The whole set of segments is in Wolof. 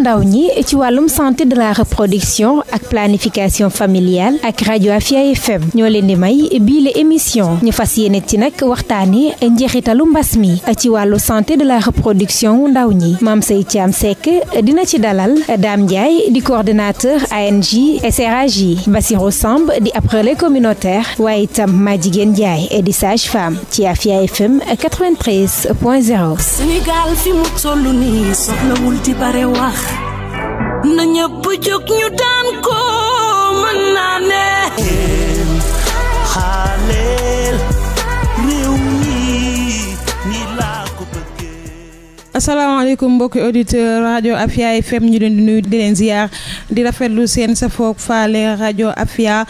ndaw ñi ci wàllum santé de la reproduction ak planification familiale ak rajo Afia FM ñoo leen di may biile émission ñu fas yéene ci nag waxtaane njeexitalu mbas mi ci wàllu santé de la reproduction ndaw ñi maam Saye Thiam Seck dina ci dalal Dame Ndiaye di coordonnateur ANG SRAJ Bassirou Samb di ab relais communautaire waaye itam maa jigéen Ndiaye di sage femme ci Afia FM 93 point 0 na ñëpp jóg ñu daan ko mën naa ne asalaamaaleykum mbokki auditeur rajo Afia FM ñu leen di nuyu di leen ziar di rafetlu seen sa foog faale rajo Afia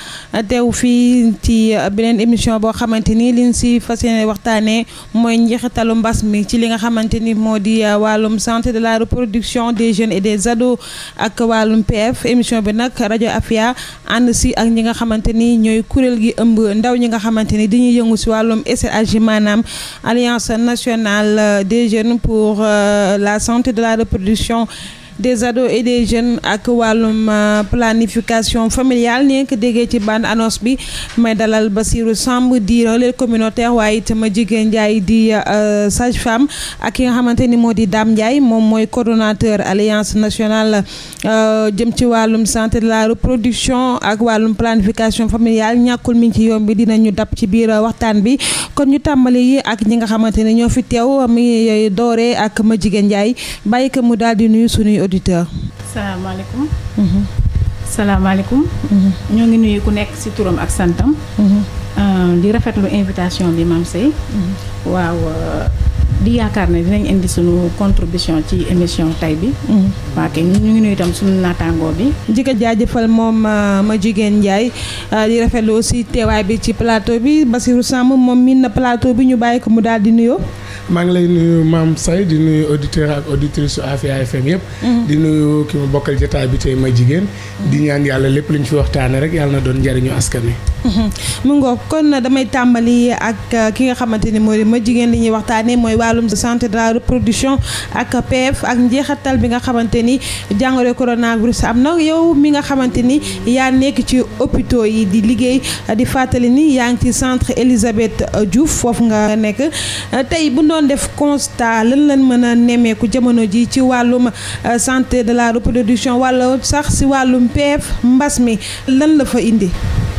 teew fii ci beneen émission boo xamante ni liñ si fas yéene waxtaanee mooy njeexitalu mbas mi ci li nga xamante ni moo di uh, wàllum santé de la reproduction des jeunes et des zado ak wàllum PF émission bi nag rajo Afia ànd si ak ñi nga xamante ni ñooy kuréel gi ëmb ndaw ñi nga xamante ni dañuy yëngu si wàllum SNAG maanaam alliance nationale des jeunes pour. Uh, Euh, la santé de la reproduction des ados et des jeunes ak wàllum euh, planification familiale ni ngeen déggee ci bande annonce bi may dalal Basirou Samb di relais communautaire waaye ma jigéen Ndiaye di euh, sage femme ak ki nga xamante ni moo di Dame Ndiaye moom mooy coordonnateur alliance nationale euh, jëm ci wàllum santé de la reproduction ak wàllum planification familiale ñàkkul mi ci yoon bi dinañu dab ci biir waxtaan bi kon ñu tàmbali yi ak ñi nga xamante ni ñoo fi teew mi dooree ak ma jigéen auditeurs. salaamaaleykum. Mhm. salaamaaleykum. Mhm. ñoo ngi nuyu ku nekk ci turam ak santam. Mhm. Euh, di rafetlu invitation bi maam Sey. waaw euh, di yaakaar na dinañ indi suñu contribution ci émission tey bi. waa kay ñu ngi nuyu itam suñu naataangoo bi. di ko jaajëfal moom ma euh, ma jigéen Ndiaye di rafetlu aussi teewaay bi ci plateau bi Basirou sàmm moom miin na plateau bi ñu bàyyi ko mu daal di nuyoo. maa ngi lay nuyu maam Say di nuyu auditeur ak auditrice su Afia FM yëpp. Mm-hmm. ki ma bokkal jotaay bi tey ma jigéen. di mm-hmm. ñaan yàlla lépp luñ fi waxtaanee rek yàlla na doon njëriñu askan wi. Mm-hmm. mu ngoog kon damay tàmbali ak uh, ki nga xamante ni mooy di ma jigéen li ñuy waxtaanee mooy wàllum santé de la reproduction ak PF ak njeexatal bi nga xamante ni jàngoro coronavirus am na yow mi nga xamante ni yaa nekk ci hôpitaux yi di liggéey di fàttali ni yaa ngi ci centre Elisabeth uh, Diouf foofu nga nekk uh, def constat lan lañ mën a nemmeeku jamono ji ci wàllum euh, santé de la reproduction wala sax si wàllum PF mbas mi lan la fa indi.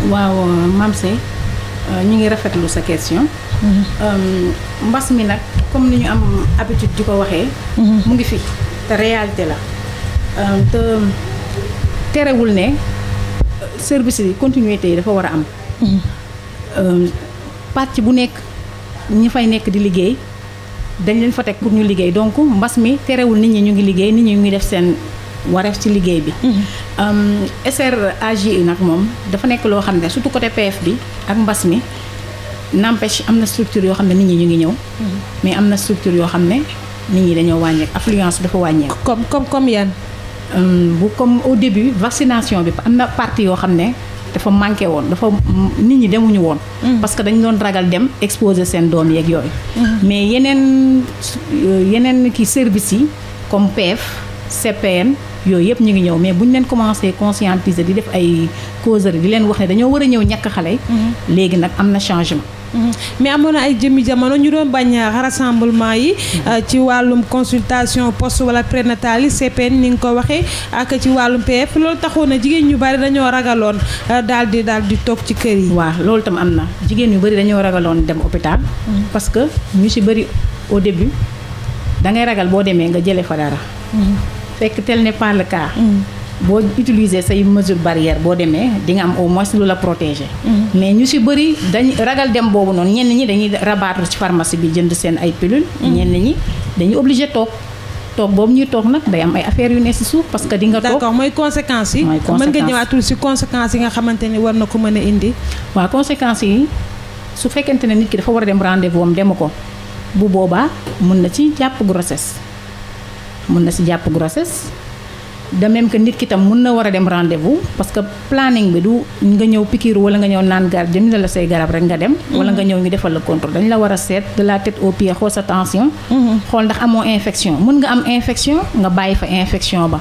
waaw Mame Seye euh, ñu ngi rafetlu sa question. Mhm. Euh, mbas mi nag comme ni ñu am habitude di ko waxee. Mhm. mu ngi fi te réalité la te terewul ne service yi continuité yi dafa war a am. Mhm. pàcc bu nekk ñu fay nekk di liggéey. dañ leen fa teg pour ñu liggéey donc mbas mi terewul nit ñi ñu ngi liggéey nit ñi ñu ngi def seen wareef ci liggéey bi. Mhm. SRAGI nag moom dafa nekk loo xam ne surtout côté PF bi ak mbas mi n'empêche am na structure yoo xam ne nit ñi ñu ngi ñëw. Mhm. mais am na structure yoo xam ne nit ñi dañoo wàññeeku affluence dafa wàññeeku. comme comme comme yan. bu comme au début vaccination bi am na partie yoo xam ne. dafa manqué woon dafa nit ñi demuñu woon. Mm. parce que dañ doon ragal dem exposé seen doom yeeg yooyu. Mm-hmm. mais yeneen euh, yeneen ki services yi comme PF e CPN yooyu yëpp ñu ngi ñëw mais bu ñu leen commencé conscientiser di def ay causerie di leen wax ne dañoo war a ñëw ñàkk xale. Mm-hmm. léegi nag am na changement. Mhm. mais amoon na ay jëmmi jamono ñu doon bañ rassemblement yi euh, ci wàllum consultation post wala prénatal yi CPN ni nga ko waxee ak ci wàllum PF loolu taxoon na jigéen ñu bari dañoo ragaloon euh, daal di daal di toog ci kër yi. waaw loolu tam am na jigéen ñu bari dañoo ragaloon dem hôpital. Mhm. parce que ñu ci bari au début da ngay ragal boo demee nga jëlee fa dara. Mhm. fekk tel n'est pas boo utiliser say mesure barrière boo demee di nga am au moins lu la protéger. Mm-hmm. mais ñu si bëri dañ ragal dem boobu noonu ñenn ñi dañuy rabattre ci pharmacie bi jënd seen ay pilule. Mm-hmm. ñenn ñi dañuy obligé toog. toog boobu ñuy toog nag day am ay affaires yu ne si suuf parce que di nga toog d'accord mooy conséquences yi. mooy conséquences mën nga ñëwaatul si conséquences yi nga xamante ni war na ko mën a indi. waa conséquences yi su fekkente ne nit ki dafa war a dem rendez-vous am demu ko bu boobaa mun na ci jàpp grossesse mun na si jàpp grossesse. de même que nit ki tam mun na war a dem rendez-vous parce que planning bi du nga ñëw pikiiru wala nga ñëw naan garab jënd la say garab rek nga dem mm-hmm. wala nga ñëw ñu defal la contrôle dañ la war a seet de la tête aux xool sa tension mm-hmm. xool ndax amoo infection mun nga am infection nga bàyyi fa infection ba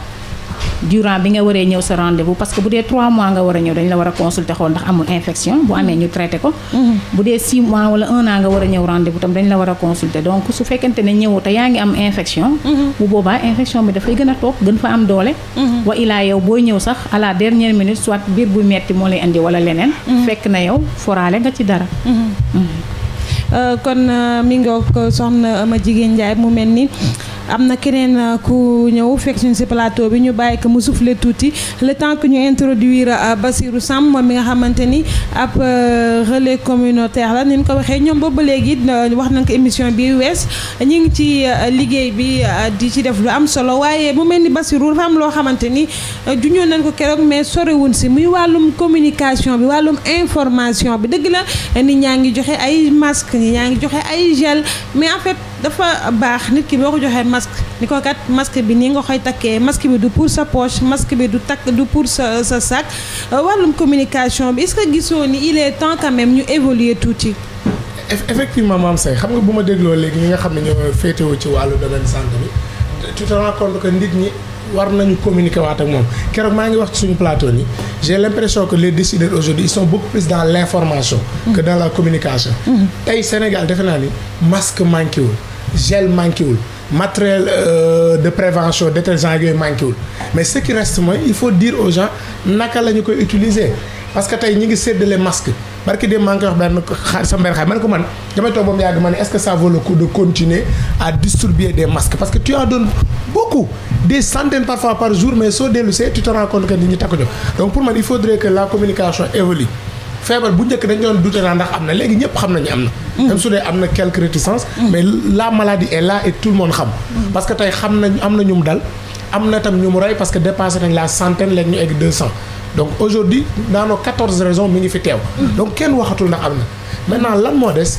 durant bi nga waree ñëw sa rendez-vous parce que bu dee 3 mois nga war a ñëw dañ la war a consulter xool ndax amul infection bu amee ñu traité ko mm-hmm. bu dee 6 mois wala 1 an nga war a ñëw rendez-vous tam dañ la war a consulter donc su fekkente ne ñëwoo te yaa ngi am infection mm-hmm. bu boobaa infection bi dafay gën a toog gën fa am doole mm-hmm. wa ilaa yow booy ñëw sax à la minute soit biir bu metti moo lay indi wala leneen fekk na yow foraale nga am na keneen euh, ku ñëw fekk suñu si plateau bi ñu bàyyi ko mu soufflé tuuti le temps que ñu introduire euh, Basirou Samb moom mi nga xamante ni ab euh, relais communautaire la ni ñu ko waxee ñoom boobu léegi wax nañ ko émission bi wees ñu ngi ci liggéey bi di ci def lu am solo waaye mu mel ni Basirou dafa am loo xamante ni juñoon nañ ko keroog mais sorewuñ si muy wàllum communication bi wàllum information bi dëgg la nit ñaa ngi joxe ay masque nit ñaa ngi joxe ay gel mais en dafa baax nit ki boo ko joxee masque ni ko kat masque bi nii nga koy takkee masque bi du pour sa poche masque bi du takk du pour sa sa sac wàllum communication bi est-ce que gisoo ni il temps quand même ñu évoluer tuuti. effectivement say xam nga bu ma dégloo léegi ñi nga xam ne ñoo féetewoo ci wàllu domaine santé bi tu nit ñi war nañu communiquer waat ak moom keroog maa ngi wax ci suñu plateau ni j'ai l'impression que les décideurs aujourd'hui ils la communication mm-hmm. tey Sénégal defe naa ni masque manqué wul gel manqué wul matériel euh, de prévention détergent yooyu manqué wul mais ce qui reste mooy il faut dire aux gens naka la ñu koy utiliser parce que tey ñi ngi séddale masque barki dem maa ngi koy wax benn xaar sa mber xaar man ko man damay toog ba yàgg ma est-ce que ça vaut le coup de continuer à distribuer des masques parce que tu en donnes beaucoup des centaines parfois par jour mais soo dellu see tu te rends compte que nit donc pour man il faudrait que la communication feebar bu njëkk dañ doon dute naa ndax am na léegi ñëpp xam nañu am na mm. même su dee am na quelque réticence mm. mais la maladie est là et tout xam mm. parce que tey xam nañ am na ñu mu dal am na tam ñu mu rey parce que dépassé nañ la centaine léegi ñu egg deux cent donc aujourd'hui dans nos quatorze régions mi ngi fi teew donc kenn waxatul ndax am na naa lan moo des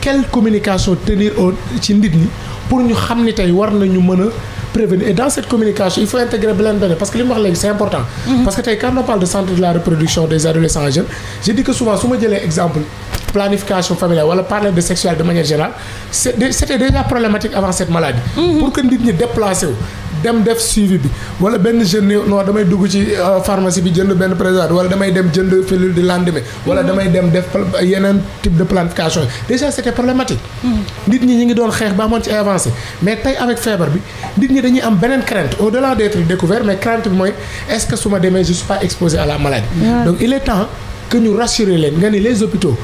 quelle communication tenir au ci nit ñi pour ñu xam ni tey war nañu mën a prévenir et dans cette communication il faut intégrer beneen beneen parce que li mu wax léegi c'est important. Mhm. parce que tey quand on parle de centre de la reproduction des adolescents et jeunes je dis su ma jëlee exemple. planification familiale wala parler de sexualité de manière générale c'était déjà problématique avant cette maladie. Mhm. pour que nit ñi déplacé dem def suivi bi wala benn jeune ni non damay dugg ci euh, pharmacie bi jënd benn préservatif wala damay dem jënd pilule du lendemain wala mm-hmm. damay dem def yeneen type de planification déjà c'était problématique mm-hmm. nit ñi ñu ngi doon xeex ba amoon ci avancé mais tey avec feebar bi nit ñi dañuy am beneen crainte au delà d'être découvert mais crainte bi mooy est su ma demee je suis pas exposé à la maladie donc il est temps que rassurer leen nga ni les hôpitaux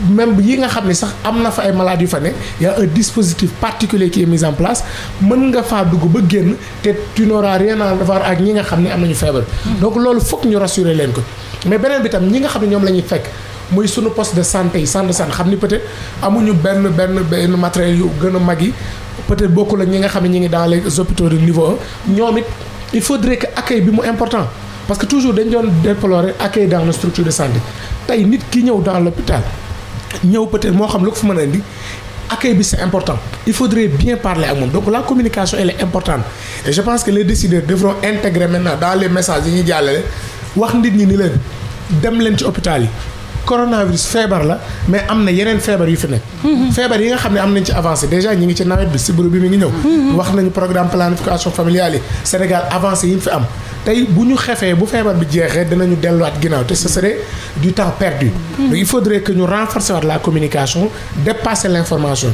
même yi nga xam ne sax am na fa ay malades yu fa ne y a un dispositif particulier qui est en place mën nga faa dugg ba génn te tu n'auras rien à voir ak ñi nga xam ne am nañu feebar. Hmm. donc loolu foog ñu rassurer leen ko mais beneen bi tam ñi nga xam ne ñoom la ñuy fekk. muy sunu poste de santé yi centre de santé xam ni peut-être amuñu benn benn benn matériel yu gën a mag yi peut-être bokkul ak ñi nga xam ne ñi ngi dans les hôpitaux de niveau 1 ñoom it il que accueil bi mu important parce que toujours dañ doon déplorer accueil dans nos structures de santé tey nit ki ñëw dans l'hôpital ñëw peut moo xam lu ko fa mën a indi accueil bi c'est important il faudrait bien parler ak moom donc la communication elle est et je pense que les décideurs devront intégrer maintenant dans les messages yi ñuy jàllale wax nit ñi ni leen dem leen ci hôpital yi coronavirus feebar la mais am na yeneen feebar yu fi nekk. Mm-hmm. feebar yi nga xam ne am nañ ci avancé déjà ñi ngi ci nawet bi sibiru bi mi ngi ñëw. Mm-hmm. wax nañu programme planification familiale yi Sénégal avancé yi ñu am. tey bu ñu xefee bu feebar bi jeexee dinañu delluwaat ginnaaw te ce serait du temps perdu. Mm. donc il faudrait que ñu renforcer waat la communication dépasser l' information.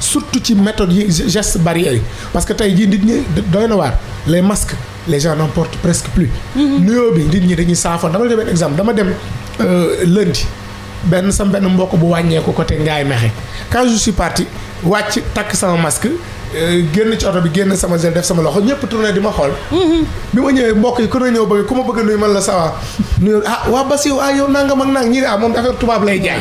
surtout ci méthode yi gestes barrières yi parce que tey jii nit ñi doy na waar les masques les gens n'en presque plus. Mm-hmm. nuyoo bi nit ñi dañuy saafoon dama la exemple dama dem euh, lundi benn sam benn mbokk bu wàññeeku côté Ngaye Mexe quand je suis parti wàcc takk sama masque. Euh, génn ci oto bi génn sama gel def sama loxo ñëpp tourné di ma xool. Mhm. bi ma ñëwee mbokk yi ku ne ñëw bëgg ku ma bëgg a nuyu man la sawa nuyu ah waa Basiou ah yow nangam ak nang ñii de ah moom affaire tubaab lay jaay.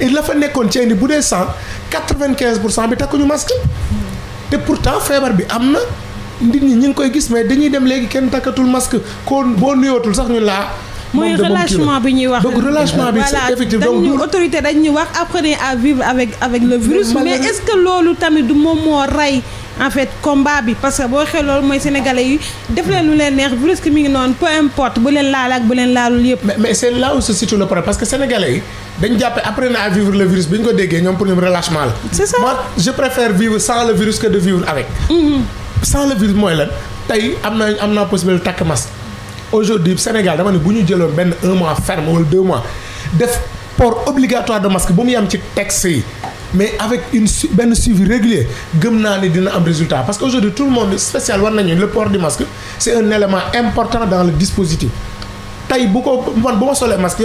Mhm. la fa nekkoon ci indi bu dee cent quatre-vingt-quinze pour cent bi takkuñu masque. Mhm. te pourtant feebar bi am na. nit ñi ñu ngi koy gis mais dañuy dem léegi kenn takkatul masque kon boo nuyootul sax ñu laa. mooy relâchement bi ñuy wax donc dañu autorité dañu wax apprenez à vivre avec avec le virus mais est-ce que loolu tamit du moom moo rey en fait combat bi parce que boo xee loolu mooy sénégalais yi def leen lu leen neex virus ki mi ngi noonu peu importe bu leen laal ak bu leen laalul yëpp. mais mais c'est là où se situe parce que sénégalais yi dañ jàppe apprenez à vivre le virus bi ñu ko déggee ñoom pour ñoom relâchement la. c'est ça moi je préfère vivre sans le virus mm-hmm. am na am aujourd'hui Sénégal dama ne bu ñu jëloon benn un mois ferme wala deux mois def port obligatoire de masque bu mu yem ci texte yi mais avec une benn suivi régulier gëm naa ne dina am résultat parce que aujourd'hui tout le monde spécial war nañu le port du bu ko man bu ma solee masque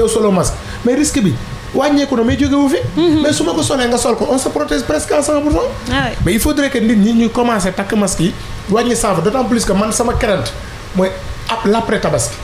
mais risque bi wàññeeku na mais jógewu fi mhm. ma ko solee nga sol ko on se protège presque à cent ah nit ñi ñu commencer takk masque yi wàññi sanfa d'autant plus que man sama crainte mooy la après tabaski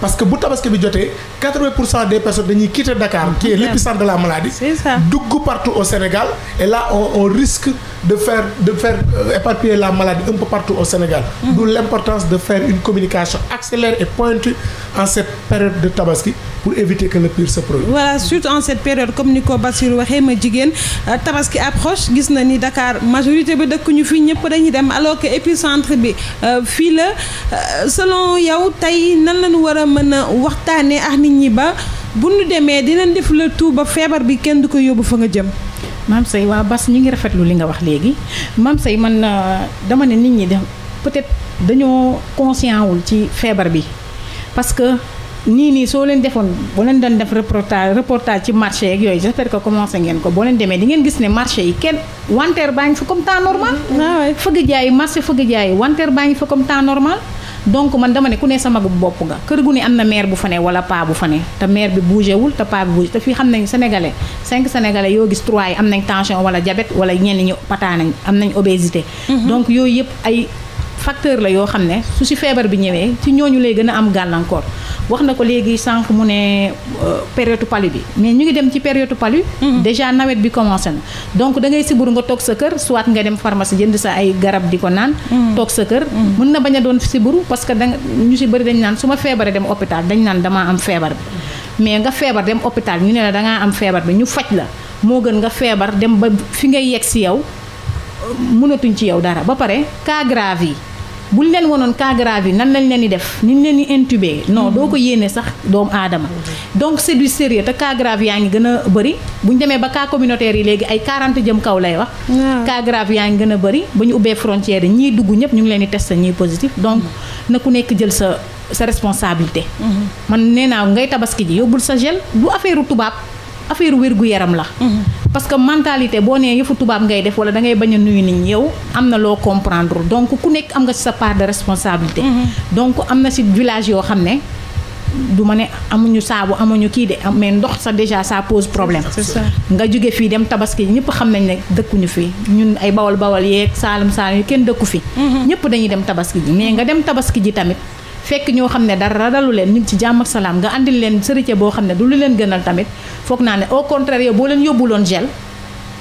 parce que bu tabaski bi jotee 80 pour cent des personnes dañuy quitter Dakar. qui la maladie. c'est ça dugg partout au Sénégal. et là on risque de faire de faire euh, la maladie un partout au Sénégal. Mm. d'où l'importance de faire une communication accélérée et pointue en cette période de tabaski pour éviter que le pire se produise. voilà surtout en cette période comme ni ko Bassirou waxee ma jigéen euh, tabaski approche gis na ni Dakar majorité bi dëkk ñu fi ñëpp dañuy dem alors que épicentre bi euh, fii la selon yow tey nan lañu war a mën a waxtaanee ak nit ñi ba bu nu demee dinañ def le tout ba feebar bi kenn du ko yóbbu fa nga jëm. maam say waa Bas ñi ngi rafetlu li nga wax léegi maam say man euh, dama ne nit ñi dem peut-être dañoo conscient wul ci feebar bi parce que. nii nii soo leen defoon boo leen doon def reportage reportage ci marché yeeg yooyu j'espère que commencé ngeen ko boo leen demee di ngeen gis ne marché yi kenn wanteer baa ngi fa comme temps normal. waaw ah fëgg jaay marché fëgg jaay wanteer baa ngi fa comme temps normal. donc man dama ne ku ne sa magub bopp nga kër gu ne am na maire bu fanee ne wala paa bu fa te maire bi bougé wul te paa bi bougé te fii xam nañ sénégalais cinq sénégalais yoo gis trois yi am nañ tension wala diabète wala ñenn ñi pataa nañ am nañ obésité mhm. donc yooyu yëpp ay facteur la yoo xam ne su si feebar bi ñëwee ci ñooñu lay gën a am gàllankoor wax na ko léegi sànq mu ne euh, période palu bi mais ñu ngi dem ci période palu mm-hmm. déjà nawet bi commencé na donc da ngay siburu nga toog sa kër soit nga dem pharmacie jënd sa ay garab di ko naan mm-hmm. toog sa kër mun mm-hmm. na bañ a doon siburu parce que danga ñu si bëri dañ naan su ma feebaree dem hôpital dañ naan damaa am feebar bi mais nga feebar dem hôpital ñu ne la dangaa am feebar bi ñu faj la moo gën nga feebar dem ba fi ngay yegg si yow euh, mënatuñ ci yow dara ba pare buñ leen wanoon cas grave yi nan lañ leen di def ni leen di intubé non doo ko yéene sax doomu aadama donc c'est du sérieux te cas yaa ngi gën a bëri buñ demee ba cas communautaire yi léegi ay 40 jëm kaw lay wax cas yaa ngi gën a bëri ba ñu ubbee frontières yi ñii dugg ñëpp ñu ngi leen di testé ñii positif donc na ku nekk jël sa sa responsabilité mm-hmm. man nee naa ngay tabaski ji yóbbul sa gel du affaire tubaab affaire wérgu yaram la. Mhm. parce que mentalité boo nee yëfu tubaab ngay def wala dangay ngay a nuyu nit ñi yow am na loo comprendre donc ku nekk am nga si sa part de responsabilité. Mhm. donc am na ci village yoo xam ne. du ma ne amuñu saabu amuñu kii de mais ndox sa déjà ça pose problème. c'est nga jóge fii dem tabaski ñëpp xam nañ ne dëkkuñu fii ñun ay bawal bawal yeeg saalum saalum yi kenn dëkku fi. Mhm. ñëpp dañuy dem tabaski ji mais nga dem tabaski ji tamit. fekk ñoo xam ne dara radalu leen ñu ngi ci jàmm ak salaam nga indi leen sërite boo xam ne du lu leen gënal tamit foog naa ne au contraire yow boo leen yóbbuloon gel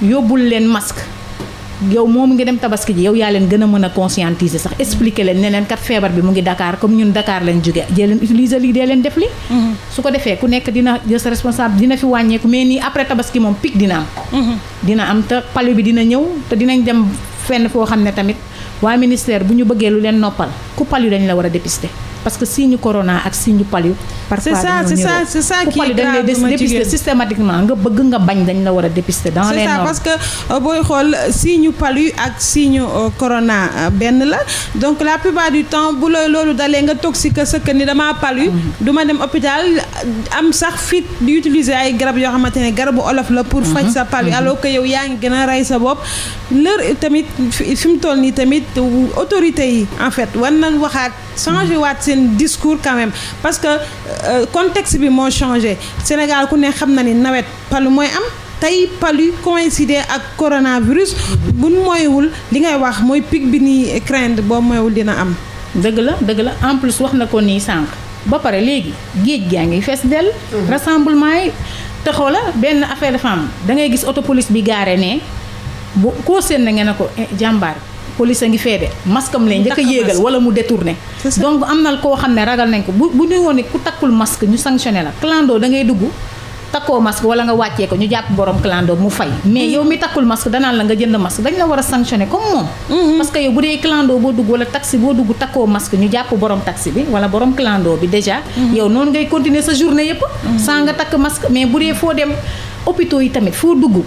yóbbul leen masque yow moom ngi dem tabaski ji yow yaa leen gën a mën a conscientiser sax expliquer leen ne leen kat feebar bi mu ngi Dakar comme ñun Dakar lañ jóge jee leen utiliser lii leen def li mhm. su ko defee ku nekk dina jël sa dina fi wàññeeku mais nii après tabaski moom pic dina am mhm. dina am te palu bi dina ñëw te dinañ dem fenn foo xam ne tamit waa ministère bu ñu bëggee lu leen noppal ku palu dañ la war a dépister parce que signe corona ak signe palu parfois c'est ça c'est ça c'est ça qui est grave dañ lay systématiquement nga bëgg nga bañ dañ la war a dépister dans les normes c'est ça parce que euh, booy xool signe palu ak signe euh, corona euh, benn la donc la plupart du temps bu la loolu dalee nga toog si sa ni damaa palu mhm. du ma dem hôpital am sax fit di utiliser ay garab yoo xamante ne garabu olof la pour mhm. faj sa palu mhm. alors que yow yaa ngi gën a rey sa bopp leur tamit fi mu toll nii tamit autorité yi en fait war nañ waxaat changer waat seen discours quand même parce que Euh, contexte bi moo changé Sénégal ku ne xam na ni nawet palu mooy am tey palu coïncider ak coronavirus bu moywul li ngay wax mooy pic bi ni crainte boo mooywul dina am dëgg la dëgg la en plus wax na ko nii sànq ba pare léegi géej gaa ngi fees dell mm-hmm. rassemblement yi te la benn affaire de femme da ngay gis auto police bi gaaree ne bu koo seen na ngeen ne ko eh, jàmbaar police a ngi fee de masque am leen njëkk yéegal wala mu détourné donc am nal koo xam ne ragal nañ ko bu bu ñu woon ku takkul masque ñu sanctionné la clando dangay dugg takkoo masque wala nga wàccee ko ñu jàpp borom clando mu fay mais yow mi takkul masque danaan la nga jënd masque dañ la war a sanctionné comme moom mm-hmm. parce que yow bu dee clando boo dugg wala taxi boo dugg takkoo masque ñu jàpp borom taxi bi wala borom clando bi déjà mm-hmm. yow noonu ngay continuer sa journée yëpp mm-hmm. sans nga takk masque mais bu dee foo dem hôpitaux yi tamit foo dugg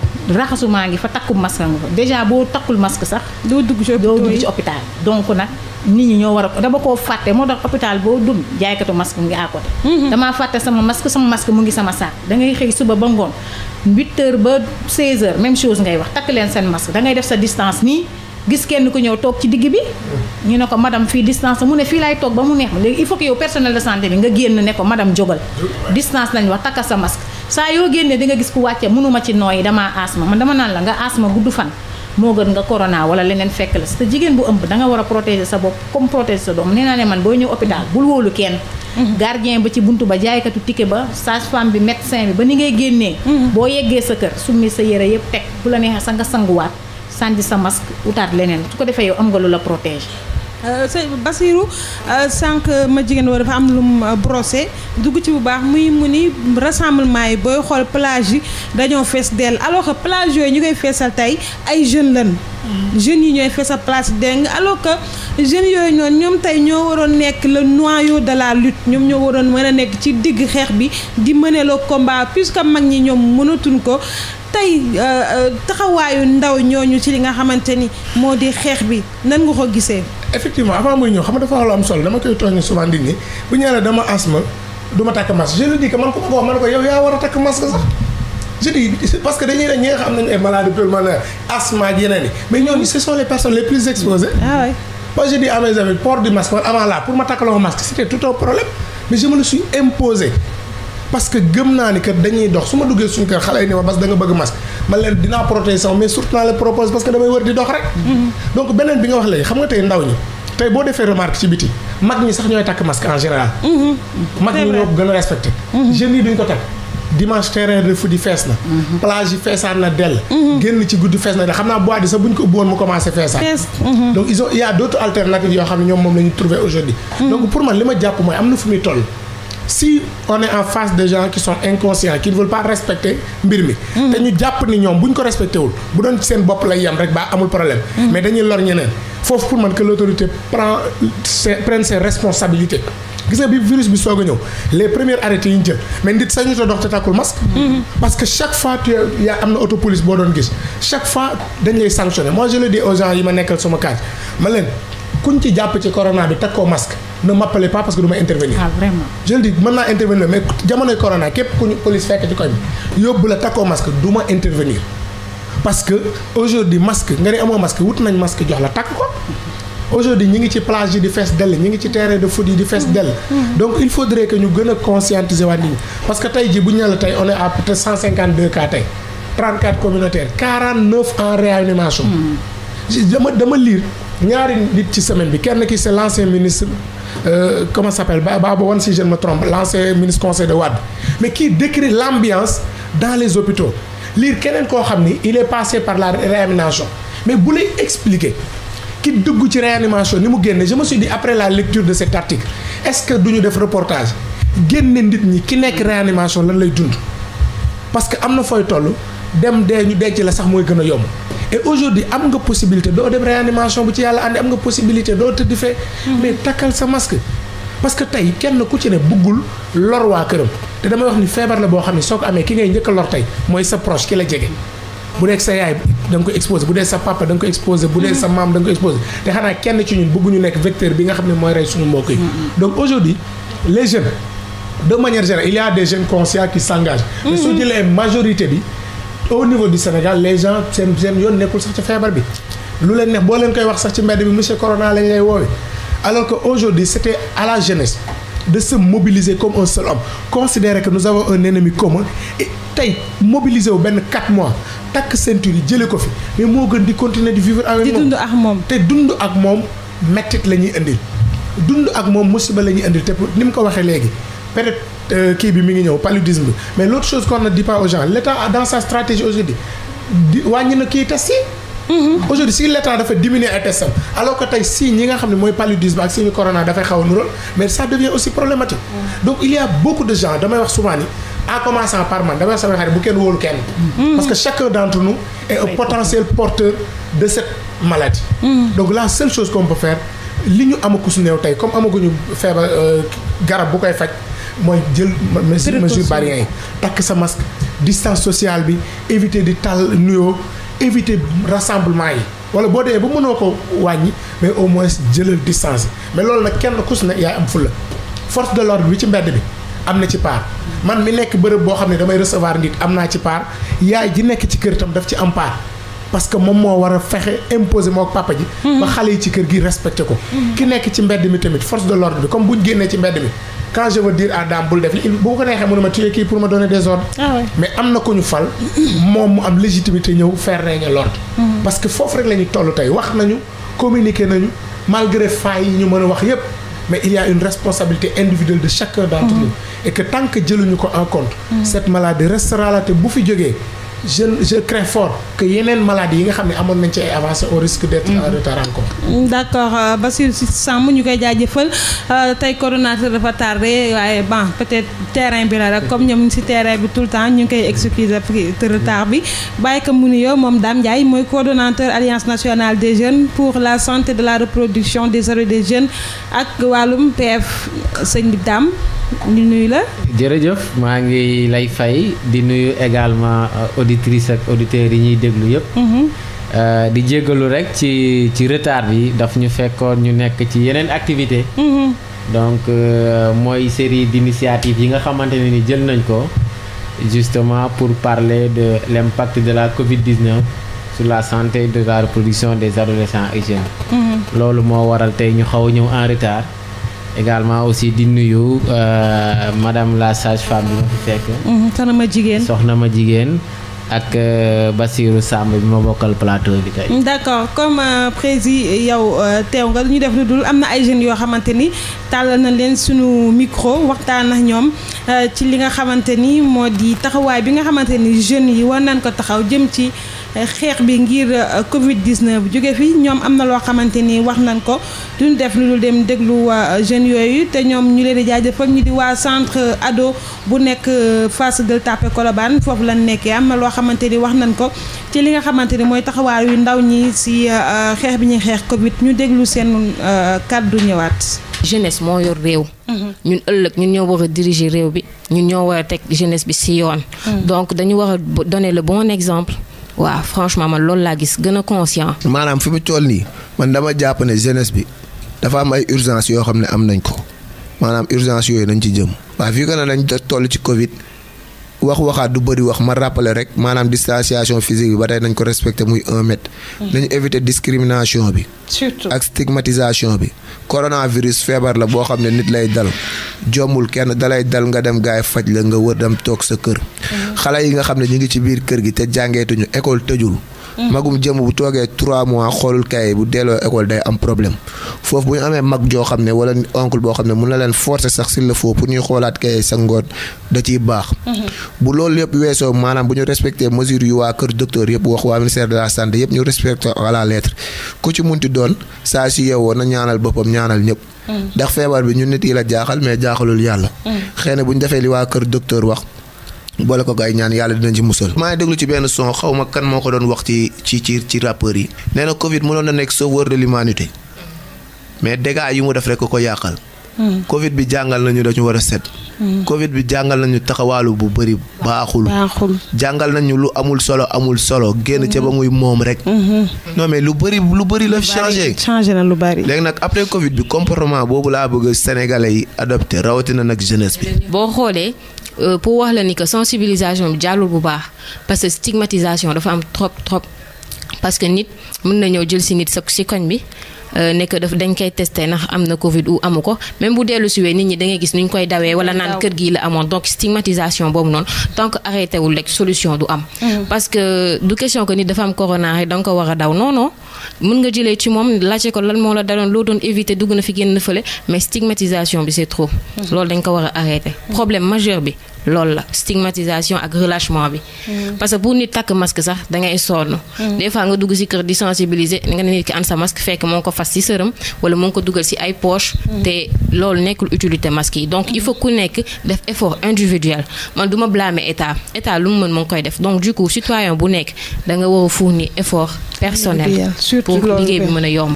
maa ngi fa takku masque nga fa déjà boo takkul masque sax doo dugg ci hôpital donc nag nit ñi ñoo war a dama koo fàtte moo tax hôpital boo dugg jaaykatu masque mu ngi à côté. Mhm. damaa fàtte sama masque sama masque mu ngi sama saak da ngay xëy suba ba ngoon 8 ngay wax takk leen seen masque da ngay def sa distance nii. gis kenn ku ñëw toog ci digg bi ñu ne ko madame fii distance mu ne fii lay toog ba mu neex ma léegi il faut que yow personnel de santé bi nga génn ne ko madame jógal distance lañ wax takka sa masque saa yoo génnee di nga gis ku wàcce mënuma ci nooyi dama asma man dama naan la nga asma gudd fan moo gën nga corona wala leneen fekk la te jigéen bu ëmb danga war a protéger sa bopp comme protéger sa doom nee naa ne man booy ñëw hôpital bul wóolu kenn mm-hmm. gardien ba ci bunt ba jaaykatu ticket ba sage-femme bi médecin bi ba ni ngay génnee mm-hmm. boo yeggee sa kër summi sa yére yëpp teg bu la neexee sa nga sanguwaat sànni sa masque utaat leneen su ko defee yow am nga lu la protéger Euh, sëñ Basirou euh, sànq ma jigéen woo dafa am lu mu euh, dugg ci bu baax muy mu ni rassemblement yi booy xool plage yi dañoo fees dell alors que plage yooyu ñu koy feesal tey ay jeunes lan mm. jeunes yi ñooy feesal place deng alors que jeunes yooyu noonu ñoom tey ñoo waroon nekk le noyau de la lutte ñoom ñoo waroon mën a nekk ci digg xeex bi di mëne le combat puisque mag ñi ñoom mënatuñ ko tey taxawaayu ndaw ñooñu ci li nga xamante ni moo di xeex bi nan nga ko gisee effectivement avant muy ñëw xam nga dafa lu am solo dama koy tooñ souvent nit bu ñu nee dama asthme du takk masque je le dis que man ku ma ko ma ne ko yow yaa war a takk masque sax. je dis parce que dañuy ne ñi nga xam nañu ay maladies pulmonaires asthme ak yeneen yi mais ñooñu ce sont les personnes les plus exposées. ah oui moi je dis port du masque man avant là pour ma takkaloo masque c'était tout un problème mais je me imposé. parce que gëm naa ni que dañuy dox su ma duggee suñu kër xale yi ni ma bas da nga bëgg mas man leen dinaa protéger sama mais surtout naa leen propose parce que damay wër di dox rek. Mhm. donc beneen bi nga wax léegi xam nga tey ndaw ñi tey boo defee remarque ci biti mag ñi sax ñooy takk masque en général. Mhm. mag ñi ñoo gën a respecté. Mhm. jeunes yi duñ ko takk. dimanche terrain de foot fees na. plage yi feesaan na dell. génn ci guddi fees na de xam naa bois de bu ñu ko ubbi woon a d' autres am na fu muy toll. si on est en face de gens qui sont inconscients qui ne veulent pas respecter mbir mi. Mm. te ñu jàpp ni ñoom bu ñu ko respecté wul bu doon seen bopp lay yam rek ba amul problème. Mm. mais dañuy lor ñeneen foofu pour man que l' autorité prend ses prenne ses responsabilités. gis nga bi virus bi soog a ñëw les premiers arrêtés yi ñu jël mais nit sañu ta dox te takkul masque. Mm-hmm. parce que chaque fois tu yaa am na auto boo doon gis chaque fois dañ lay sanctionner moi je yi ma nekkal sama cage ma leen. kuñ ci jàpp ci corona bi teg koo masque ne m'appelez pas parce que du may intervenir. ah vraiment. je le dis mën naa intervenir mais jamonoy corona képp ku ñu police fekk ci koñ bi yóbbu la teg koo masque intervenir parce que aujourd'hui nga ne amoo masque wut nañ masque jox la takk ko. aujourd'hui ñu ngi ci plage yi di fees dell ñu ngi ci terrain de foot yi di fees dell donc il faudrait que ñu gën a conscientiser waa que tey ji bu ñu ne la tey on est à peut-être 152 cas tey 34 communautaires 49 en réanimation hmm. dama dama lire ñaari nit ci semaine bi kenn ki c'est l'ancien ministre euh, comment s'appelle Babou Wane si je ne me trompe l'ancien ministre conseil de Wade mais qui décrit l'ambiance dans les hôpitaux liir keneen koo xam ni il est passé par la réanimation mais bu lay expliquer ki dugg ci réanimation ni mu génne je me suis dit après la lecture de cet article est-ce que duñu def reportage génne nit ñi ki nekk réanimation lan lay dund parce que am na fooy toll dem dee ñu denc la sax mooy gën a yomb et aujourd'hui am nga possibilité doo dem réanimation bu ci yàlla ànd am nga possibilité doo tëdd fee mhm. mais takkal sa masque parce que tey kenn ku ci ne buggul lor waa këram te damay wax ni feebar la boo xam ne soo ko ki ngay njëkk tey mooy sa proche ki jege bu dee sa yaay da exposé bu dee sa papa da nga ko exposé bu dee mhm. sa maam da nga ko exposé xanaa kenn ci ñun bëgguñu nekk vecteur bi nga xam ne mooy rey suñu mbokk yi mhm. donc aujourd'hui les jeunes de manière générale il y a des jeunes conscients qui s'engagent mais jëlee majorité bi au niveau de Sénégal les gens seen seen yoon nekkul sax ci feebar bi lu leen neex boo leen koy wax sax ci mbedd bi monsieur Corona lañ lay woowee alors que aujourd'hui c'était à la jeunesse de se mobiliser comme un seul homme considérer que nous avons un ennemi commun et tey mobiliser wu benn quatre mois takk ceinture yi jëlee ko fi mais moo gën di continuer di vivre avec moom di moom te dund ak moom mettit la ñuy indil dund ak moom musiba la ñuy indil te ni mu ko waxee léegi peut Euh, kii bi mi ngi ñëw paludisme bi mais l' autre chose qu'on ne dit pas aux dans sa stratégie aujourd'hui di wàññi na kii test yi mm-hmm. aujourd'hui si l'état dafa diminuer ay testam alors que tey si ñi nga xam ne mooy paludisme ak suñu corona dafay xaw a nural mais ça devient aussi problématique mm. donc il y a beaucoup de gens damay wax souvent ni en par man damay wax sama xarit bu kenn wóolu kenn mm-hmm. parce que chacun d'entre nous est un potentiel porteur de cette maladie mm-hmm. donc la seule chose qu'on peut faire li ñu amaku su néew tey comme amaguñu feebar euh, garab bu koy faj mooy jël mesure mesure barrières yi takk sa masque distance sociale bi éviter di tal nuyoo éviter rassemblement yi wala boo dee ba mënoo ko wàññi mais au moins jëlal distance yi mais loolu nag kenn ku si ne yaay am fulla force de l'ordre bi ci mbedd bi am na ci part man mi nekk bërëb boo xam ne damay recevoir nit am naa ci part yaay ji nekk ci kër itam daf ci am part parce que moom moo war a fexe imposer moo ak papa ji. Hmm. ba xale yi ci kër gi respecté ko. Hmm. ki nekk ci mbedd mi tamit force de l'ordre bi comme bu génnee ci mbedd mi quand je veux dire à bul def li bu ko neexee mu ne ma tuye kii pour ma donner des ah mais am na ko ñu fal. moom mu am légitimité ñëw faire régner l'ordre. Mm-hmm. parce que foofu rek la ñuy toll tey wax nañu communiquer nañu malgré failles yi ñu mën a wax yépp mais il y une responsabilité individuelle de chacun d'entre mm-hmm. nous. et que tant que jëluñu ko en compte. Mm-hmm. cette maladie restera là te bu fi jógee. je je crains fort que yeneen maladies yi nga xam ne amoon nañ ci ay avancé au risque d'être mm-hmm. en retard encore. d'accord euh, Bassirou Samb ñu koy jaajëfal euh, tey coordonnateur dafa tardé waaye bon peut-être terrain bi la rek comme ñoom ci terrain bi tout le temps ñu ngi koy excuser retard bi bàyyi ko mu nuyoo moom Dame Ndiaye mooy coordonnateur alliance nationale des jeunes pour la santé de la reproduction de oreilles de jeune ak wàllum PF sëñ bi Dame. ñu nuyu la. jërëjëf maa ngi lay fay di nuyu également euh, auditrice ak auditeurs yi ñuy déglu yëpp. Mhm. Euh, di jéggalu rek ci ci retard bi daf ñu fekkoon ñu nekk ci yeneen activité mhm. donc euh, mooy série d'initiative yi nga xamante ne ni jël nañ ko. justement pour parler de l'impact de la Covid-19 sur la santé de la reproduction des adolescents et mhm. loolu moo waral tey ñu xaw a ñëw en retard. également aussi di nuyu euh, madame la sage femme bi ma fi fekk. Mhm, soxna ma jigéen soxna ma jigéen. ak euh, Basirou Samb bi ma bokkal plateau bi tey. d'accord comme euh, prési yow teew nga lu ñu def lu dul am na ay jeunes yoo xamante ni tàllal na leen suñu micro waxtaan ak ñoom ci li nga xamante ni moo di taxawaay bi nga xamante ni jeunes yi war nañ ko taxaw jëm ci. xeex bi ngir euh, Covid 19 jóge fi ñoom am na loo xamante ni wax nañ ko duñ def lu dem déglu jeunes yooyu te ñoom ñu leen di jaajëfal ñu di waa centre euh, ado bu nekk euh, Fass Gueule Tapée Colobane foofu lañ nekkee am na loo xamante ni wax nañ ko ci li nga xamante ni mooy yu ndaw ñi si xeex bi ñuy xeex Covid ñu déglu seen kàddu ñëwaat. jeunesse moo yor réew. Mhm. ñun ëllëg ñun ñoo war a diriger réew bi ñun ñoo war a teg jeunesse bi si yoon. Mhm. donc dañu wax a donner le bon exemple. waaw franchement man loolu laa gis gën a conscient. maanaam fi mu toll nii man dama jàpp ne jeunesse bi dafa am ay urgence yoo xam ne am nañ ko maanaam urgence yooyu nañ ci jëm. waaw vu que ne dañ toll ci Covid. wax waxaat du bëri wax ma rappeler rek maanaam distanciation physique bi ba tey nañ ko respecté muy un mètre. Mm. nañu éviter discrimination bi. surtout ak stigmatisation bi. coronavirus feebar la boo xam ne nit lay dal jommul kenn dalay dal nga dem gaay faj la nga wër dem toog sa kër. Mm. xale yi nga xam ne ñu ngi ci biir kër gi te jàngeetuñu école tëjul. Mm. magum jëm bu toogee trois mois xoolul kay bu delloo école day am problème foofu bu ñu amee mag joo xam ne wala oncle boo xam ne mun na leen forcer sax si le faut pour xoolaat kay sa ngoon da ciy baax. Mm-hmm. bu loolu yëpp weesoo maanaam bu ñu respecté mesures yu waa kër docteur yëpp wax waa ministère de la santé yëpp ñu respecté à la lettre ku ci ti doon saa si yeewoo na ñaanal boppam ñaanal ñëpp. Mm. ndax feebar bi ñu nit yi la jaaxal mais jaaxalul yàlla. Mm. xëy na bu ñu boole ko ay ñaan yàlla dinañ ci musal maa ngi déglu ci benn son xaw ma kan moo ko doon wax ci ci ci ci rappeurs yi nee na Covid mënoon na nekk sauveur de l'humanité mais dégâts yi mu def rek ko yàqal. Hmm. Covid bi jàngal nañu dañu war a set. Hmm. Covid bi jàngal nañu taxawaalu bu bëri baaxul. baaxul jàngal nañu lu amul solo amul solo génn ca ba hmm. muy moom rek. non mais lu bëri lu bëri la changé. changé na lu bëri. léegi nag après Covid bi comportement boobu laa bëgg Sénégalais yi adopté rawatina nag jeunesse bi. Euh, pour wax la ni que sensibilisation bi jàllul bu baax parce que stigmatisation dafa am trop trop parce que nit mën na ñëw jël si nit sa si koñ bi euh, nekk daf dañ koy testé nax am na Covid ou amu ko même bu dellu siwee nit ñi dangay gis nu ñu koy dawee wala naan kër gii la amoon donc stigmatisation boobu noonu tant que arrêté wul rek solution du am. Mmh. parce que du question que nit dafa am corona rek da nga ko war a daw non mën nga jëlee ci moom laajte ko lan moo la daloon loo doon éviter dugg na fi génn fële mais stigmatisation bi c'est trop. Mmh. loolu dañ ko war a arrêter problème majeur bi loolu la stigmatisation ak relâchement bi. Hmm. parce que bu nit takk masque sax dangay ngay sonn. Hmm. des fois nga dugg ci kër di sensibiliser nga ne nit ki an sa masque fekk moo ko fas ci sëram wala moo ko dugal ci ay poche. Hmm. te loolu nekkul utilité masque yi donc il faut ku nekk def effort individuel man du ma blâmer état état lu mu mën mu ngi koy def donc du coup citoyen bu nekk da nga war a fournir effort personnel. pour liggéey bi mën a yomb.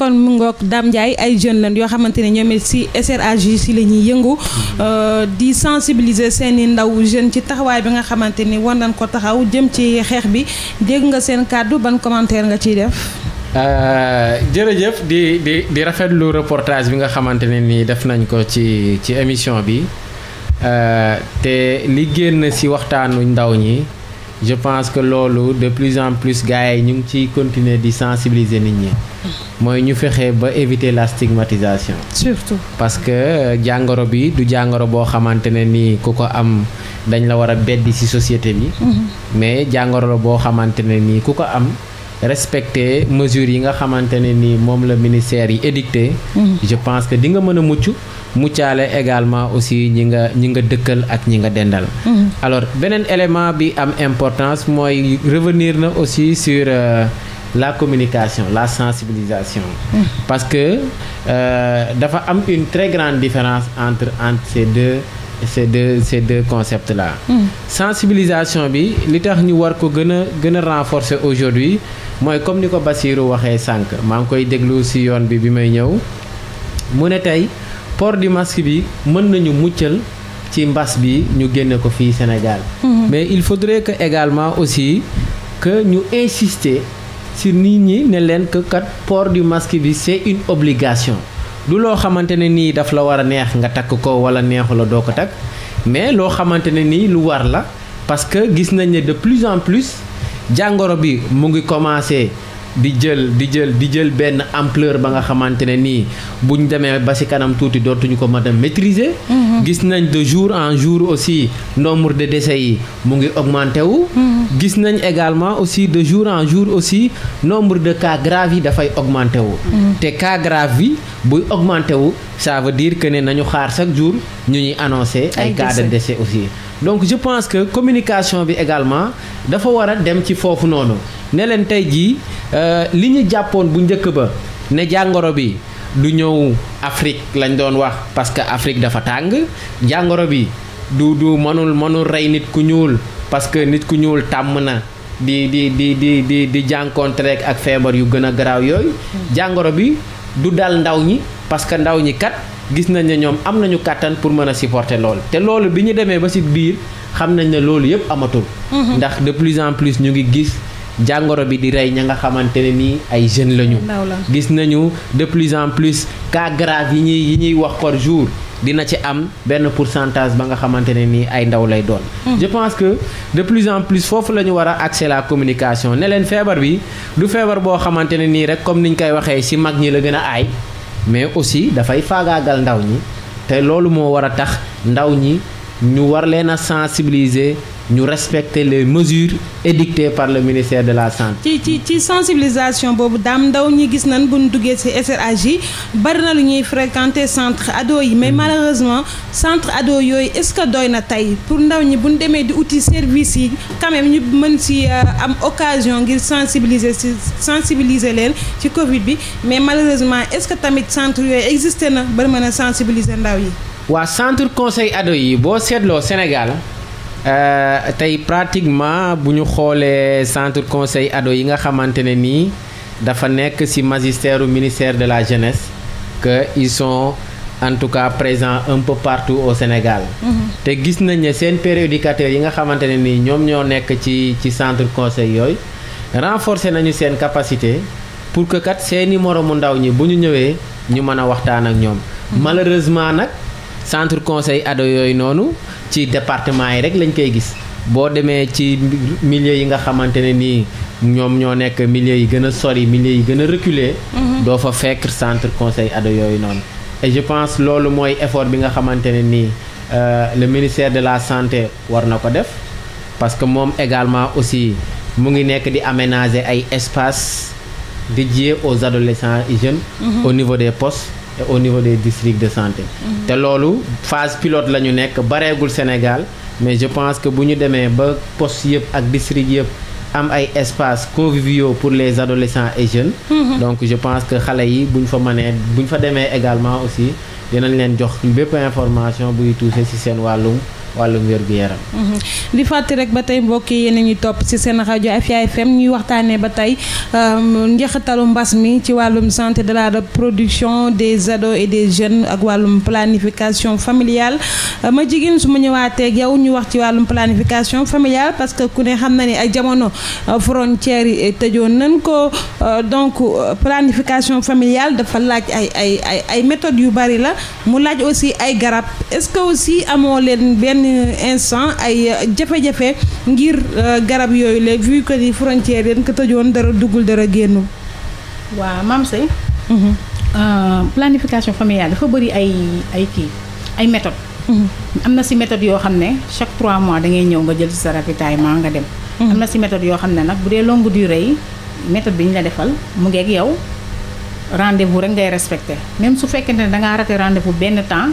kon mu ngoog Dame Ndiaye ay jeunes lan yoo xamante ne ñoom it si SRAJ si la ñuy yëngu euh, di sensibiliser seen i ndaw jeunes ci taxawaay bi nga xamante ni war nañ ko taxaw jëm ci xeex bi dégg nga seen kàddu ban commentaire nga ciy def. Euh, jërëjëf di di di rafetlu reportage bi nga xamante ne ni def nañ ko ci ci émission bi euh, te li génn ci waxtaanu ndaw ñi. je pense que loolu de plus en plus gars yi ñu ngi ciy continuer di sensibiliser nit ñi. mooy ñu fexe ba éviter la stigmatisation. surtout parce que euh, jàngoro bi du jàngoro boo xamante ne ni ku ko am dañ la war a beddi ci société bi. Mm-hmm. mais jàngoro la boo xamante ne ni ku ko am. respecter mesures yi nga xamante ne ni moom la ministère yi édicté mm-hmm. je pense que di nga mën a mucc muccaale également aussi ñi nga ñi nga dëkkal ak ñi nga dendal mm-hmm. alors beneen élément bi am importance mooy revenir na aussi sur euh, la communication la sensibilisation mm-hmm. parce que euh, dafa am une très grande différence entre entre ces deux ces de ces deux concepts là. Mm. sensibilisation bi li tax ñu war ko gën a gën a renforcer aujourd'hui mooy comme ni ko Bassirou waxee sànq maa ngi koy déglu ci yoon bi bi may ñëw mu ne tey port di masque bi mën nañu muccal ci mbas bi ñu génne ko fii Sénégal. Mm. mais il faudrait que également aussi que ñu insister si nit ñi ne leen que kat port du masque bi c'est une obligation. du loo xamante ne nii dafa la war a neex nga takk ko wala neexu la doo ko takk mais loo xamante ne nii lu war la parce que gis nañ ne de plus en plus jàngoro bi mu ngi commencé di jël di jël di jël benn ampleur ba nga xamante ne nii buñ demee ba ci kanam tuuti dootuñu ko mën a maîtriser. Mhm. gis nañ de jour en jour aussi nombre de décès yi mu ngi augmenté wu. Mhm. gis nañ également aussi de jour en jour aussi nombre de cas graves yi dafay augmenté wu. Mhm. te cas yi buy augmenté wu ça veut que ne nañu xaar chaque jour ñu ñuy annoncé. ay cas de décès aussi. donc je pense que communication bi également dafa war a dem ci foofu noonu. ne leen tey jii euh, li ñu jàppoon bu njëkk ba ne jàngoro bi du ñëw Afrique lañ doon wax parce que Afrique dafa tàng jàngoro bi du du mënul mënul rey nit ku ñuul parce que nit ku ñuul tàmm na di di di di di di jànkoonte ak feebar yu gën a garaaw yooyu jàngoro bi du dal ndaw ñi parce que ndaw ñi kat gis nañ ne ñoom am nañu kàttan pour mën a supporter loolu te loolu bi ñu demee ba ci biir xam nañ ne loolu yëpp amatul mhm. ndax de plus en plus ñu ngi gis jàngoro bi di rey ña nga xamante ne nii ay jeunes lañu. gis nañu de plus en plus cas yi ñuy ñuy wax par jour dina ci am benn pour pourcentage ba nga xamante ne nii ay ndaw lay doon. Hmm. je pense que de plus en plus foofu la ñu war a accès la communication ne leen feebar bi du feebar boo xamante ne nii rek comme niñ koy waxee ci mag ñi la gën a aay mais aussi dafay faagaagal ndaw ñi te loolu moo war a tax ndaw ñi ñu war leen a sensibiliser. ñu respecter les mesure édictées par le ministère de la santé. ci ci ci sensibilisation boobu daam ndaw ñi gis nañ bu ñu duggee ci SRAJ yi bari na lu ñuy fréquenter centre ado yi mais mm-hmm. malheureusement centre ado yooyu est-ce que doy na tey pour ndaw ñi buñ demee di uti service yi quand même ñu mën ci euh, am occasion ngir sensibiliser sensibiliser leen ci Covid bi mais malheureusement est-ce que tamit centre yooyu existé na ba mën a sensibiliser ndaw yi. waa centre conseil ado yi boo seetloo Sénégal. Euh, tey pratiquement bu ñu xoolee centre conseil ado yi nga xamante ne nii dafa nekk ci magistère ministère de la jeunesse que ils sont en tout cas présents un peu partout au Sénégal. Mm-hmm. te gis nañ ne seen périéducateurs yi nga xamante ne nii ñoom ñoo nekk ci ci centre conseil yooyu renforcer nañu seen capacité pour que kat seeni moromu ndaw ñi bu ñu ñëwee ñu mën a waxtaan ak ñoom. Mm-hmm. malheureusement nag. centre conseil ado yooyu noonu ci département yi rek lañ koy gis boo demee ci milliers yi nga xamante ne nii ñoom ñoo nekk milliers yi gën a sori milieu yi gën a reculé. Mhm. doo fa fekk centre conseil ado yooyu noonu. et je pense loolu mooy effort bi nga xamante ne nii euh, le ministère de la santé war na ko def parce que moom également aussi mu ngi nekk di aménager ay espaces dédiés aux adolescents et jeunes. Mhm. au niveau des postes. au niveau des districts de santé. Mhm. te loolu phase pilote la ñu nekk bareegul Sénégal mais je pense que bu ñu demee ba post yëpp ak district yëpp. am ay espace conviviaux pour les adolescents et jeunes mhm. donc je pense que xale yi bu ñu fa mënee bu ñu fa demee également aussi dinañ leen jox bépp information buy toucher ci seen wàllum wàllum wér-gu-yaram. li mhm. fàttali rek ba tey mbokk yi yéen ngi topp ci seen rajo Afia FM ñuy waxtaanee ba tey euh, njeexitalu mbas mi ci wàllum santé de la reproduction des ados et des jeunes ak wàllum planification familiale euh, ma jigéen su ma ñëwaatee ak yow ñu wax ci wàllum planification familiale parce que ku ne xam na ne ay jamono euh, frontières yi eh, tëjoon nañ ko donc planification familiale dafa laaj ay ay ay ay méthodes yu bari la mu laaj aussi ay garab est-ce benn instant ay euh, jafe-jafe ngir euh, garab yooyu la vu que ni frontière yi ko tëjoon dara duggul dara génnu. waaw maam Sey. Mhm. Euh, planification familiale dafa bëri ay ay kii ay méthode mhm. am na si méthode yoo xam ne chaque trois mois da ngay ñëw nga jël si sa maa nga dem. Mhm. am na si méthode yoo xam ne nag bu dee longue durée yi méthode bi ñu la defal mu ngeeg yow rendez-vous rek ngay respecté même su fekkente ne da ngaa raté rendez-vous benn temps.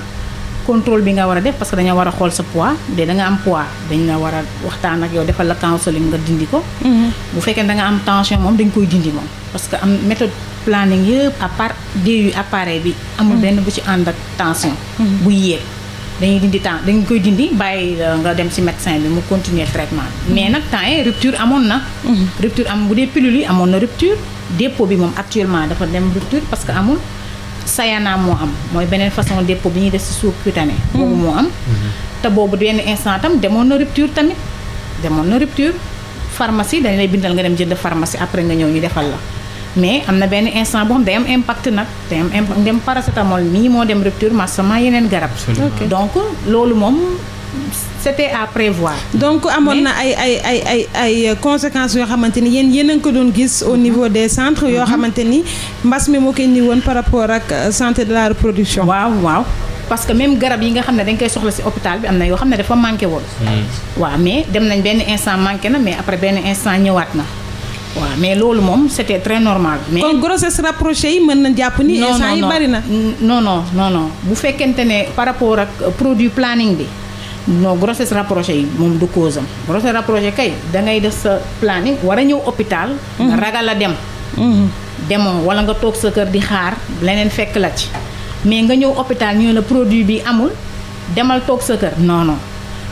contrôle bi nga war a def parce que dañoo war a xool sa poids de am poids dañ la war a waxtaan ak yow defal la counseling nga dindi ko. Mm-hmm. bu fekkee danga am tension moom dañ koy dindi moom. parce que am méthode planning yëpp à part bi. amul mm-hmm. benn bu ci ànd ak tension. Mm-hmm. bu yéeg dañuy dindi temps dañ koy dindi bàyyi nga dem ci médecin bi mu continuer traitement mais nag temps yi amoon na. rupture am bu dee pilule amoon na rupture dépo bi moom actuellement dafa dem rupture parce que amul. sayana moo am mooy beneen façon dépôt bi ñuy def si suuf cutané hmm. boobu moo am hmm. te boobu benn instant tam demoon na rupture tamit demoon na rupture pharmacie dañ lay bindal nga dem jënd pharmacie après nga ñëw ñu defal la mais am na benn instant boo xam day am impact nag day am dem paracétamol mii moo dem rupture ma sama yeneen garab donc loolu moom c'était à prévoir. donc amoon na ay ay ay ay ay euh, conséquences yoo xamante ni yéen yéen a ngi ko doon gis au niveau mm-hmm. des centre yoo mm-hmm. xamante ni mbas mi moo koy indi woon par rapport ak euh, santé de la reproduction. waaw waaw parce que même garab yi nga xam ne dañ koy soxla si hôpital bi am na yoo xam ne dafa manqué woon. Mm-hmm. waaw mais dem nañ benn instant manqué na mais après benn instant ñëwaat na. waaw mais loolu moom c'était très normal. mais kon grossesse rapprochée yi mën na jàpp ni. instant yi na non non bu fekkente ne par rapport ak euh, produit planning bi. non grossesse rapprochée yi moom du cause am grossesse rapprochée kay da ngay def sa planning war a ñëw hôpital. nga mhm. ragal a dem. Mhm. demoo wala nga toog sa kër di xaar leneen fekk la ci mais nga ñëw hôpital ñu ne la produit bi amul demal toog sa kër non non